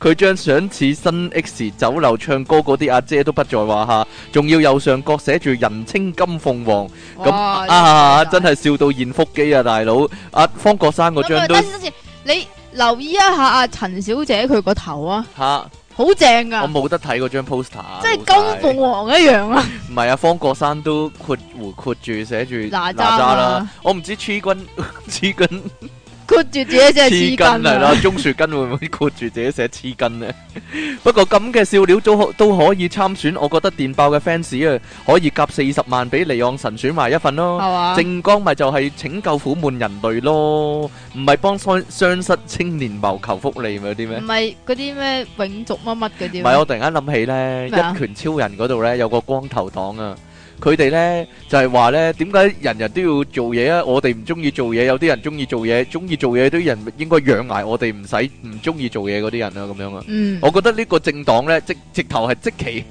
[SPEAKER 1] 佢張相似新 X 酒樓唱歌嗰啲阿姐都不在話下，仲要右上角寫住人稱金鳳凰，咁啊真係笑到現腹肌啊大佬！阿、啊、方國山嗰張
[SPEAKER 2] 你留意一下阿、啊、陳小姐佢個頭啊，吓好正噶、啊，我
[SPEAKER 1] 冇得睇嗰張 poster，即係
[SPEAKER 2] 金鳳凰一樣啊，
[SPEAKER 1] 唔係啊，方國山都括弧括住寫住哪吒啦，吒啊、我唔知吹緊吹緊。
[SPEAKER 2] 括住自己寫黐筋啊！啦，鍾樹
[SPEAKER 1] 根會唔會括住自己寫黐筋咧？不過咁嘅笑料都可都可以參選，我覺得電爆嘅 fans 啊，可以夾四十萬俾離岸神選埋一份咯。係嘛？正光咪就係拯救苦悶人類咯，唔係幫雙雙失青年謀求福利嗰啲咩？唔
[SPEAKER 2] 係嗰啲咩永續乜乜嗰啲？唔係，我
[SPEAKER 1] 突然間諗起咧，一拳超人嗰度咧有個光頭黨啊！佢哋呢就係話呢，點解人人都要做嘢啊？我哋唔中意做嘢，有啲人中意做嘢，中意做嘢啲人應該養埋我哋，唔使唔中意做嘢嗰啲人啊，咁樣啊。我覺得呢個政黨呢，直直頭係即其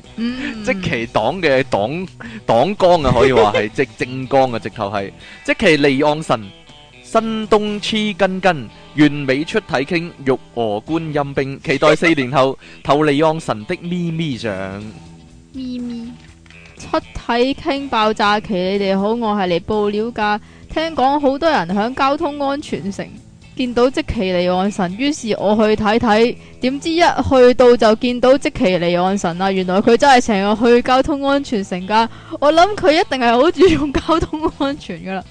[SPEAKER 1] 即其黨嘅黨黨綱啊，可以話係即政綱啊，直頭係即其利昂神新東黐根根完美出體傾玉娥觀音冰，期待四年後投利昂神的咪咪上
[SPEAKER 2] 咪咪。出體傾爆炸期，你哋好，我係嚟報料噶。聽講好多人響交通安全城見到積淇離岸神，於是我去睇睇，點知一去到就見到積淇離岸神啊！原來佢真係成日去交通安全城噶，我諗佢一定係好注重交通安全噶啦。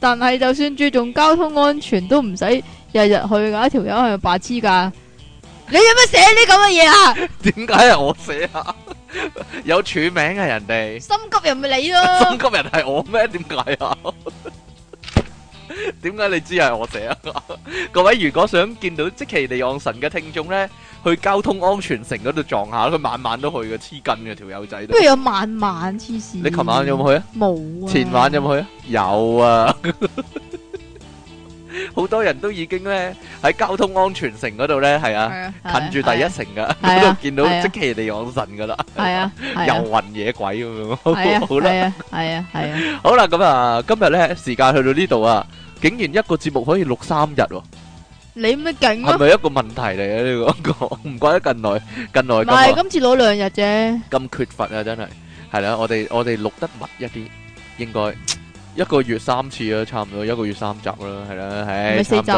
[SPEAKER 2] 但係就算注重交通安全，都唔使日日去噶，一條友係白痴噶。 [LAUGHS] 你有乜寫啲咁嘅嘢啊？
[SPEAKER 1] 點解係我寫啊？ [LAUGHS] [LAUGHS] 有署名啊！人哋心
[SPEAKER 2] 急人咪你咯，心急
[SPEAKER 1] 人係我咩？點解啊？點 [LAUGHS] 解你知係我寫啊？ [LAUGHS] 各位如果想見到積淇離岸神嘅聽眾咧，去交通安全城嗰度撞下，佢晚晚都去嘅，黐筋嘅條友仔。都。不如有
[SPEAKER 2] 晚晚黐線？你琴晚
[SPEAKER 1] 有冇去啊？冇啊！
[SPEAKER 2] 前晚
[SPEAKER 1] 有冇去啊？有啊！ [LAUGHS] 好多人都已經咧喺交通安全城嗰度咧，係啊，近住第一城噶，嗰度見到即奇地養神噶啦，係啊，遊魂野鬼咁樣，好啦，係啊，係啊，係啊，好啦，咁啊，今日咧時間去到呢度啊，竟然一個節目可以錄三日喎，
[SPEAKER 2] 你咩緊啊？係咪
[SPEAKER 1] 一個問題嚟啊？呢個唔怪得近來近來，唔係今次攞
[SPEAKER 2] 兩日啫，
[SPEAKER 1] 咁缺乏啊，真係係啦，我哋我哋錄得密一啲，應該。一個月三次啦，差唔多一個月三集啦，係啦，係四集。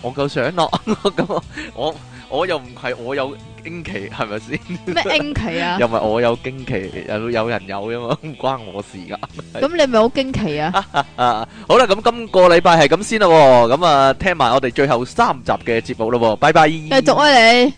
[SPEAKER 1] 我夠想咯，咁 [LAUGHS] 我我又唔係我有驚奇係咪先？咩驚奇啊？又唔係我有驚奇，有有人有噶嘛？唔關我事噶。咁
[SPEAKER 2] 你咪好驚奇啊？
[SPEAKER 1] 啊，好啦，咁今個禮拜係咁先啦，咁啊聽埋我哋最後三集嘅節目咯，拜拜。繼續
[SPEAKER 2] 啊你！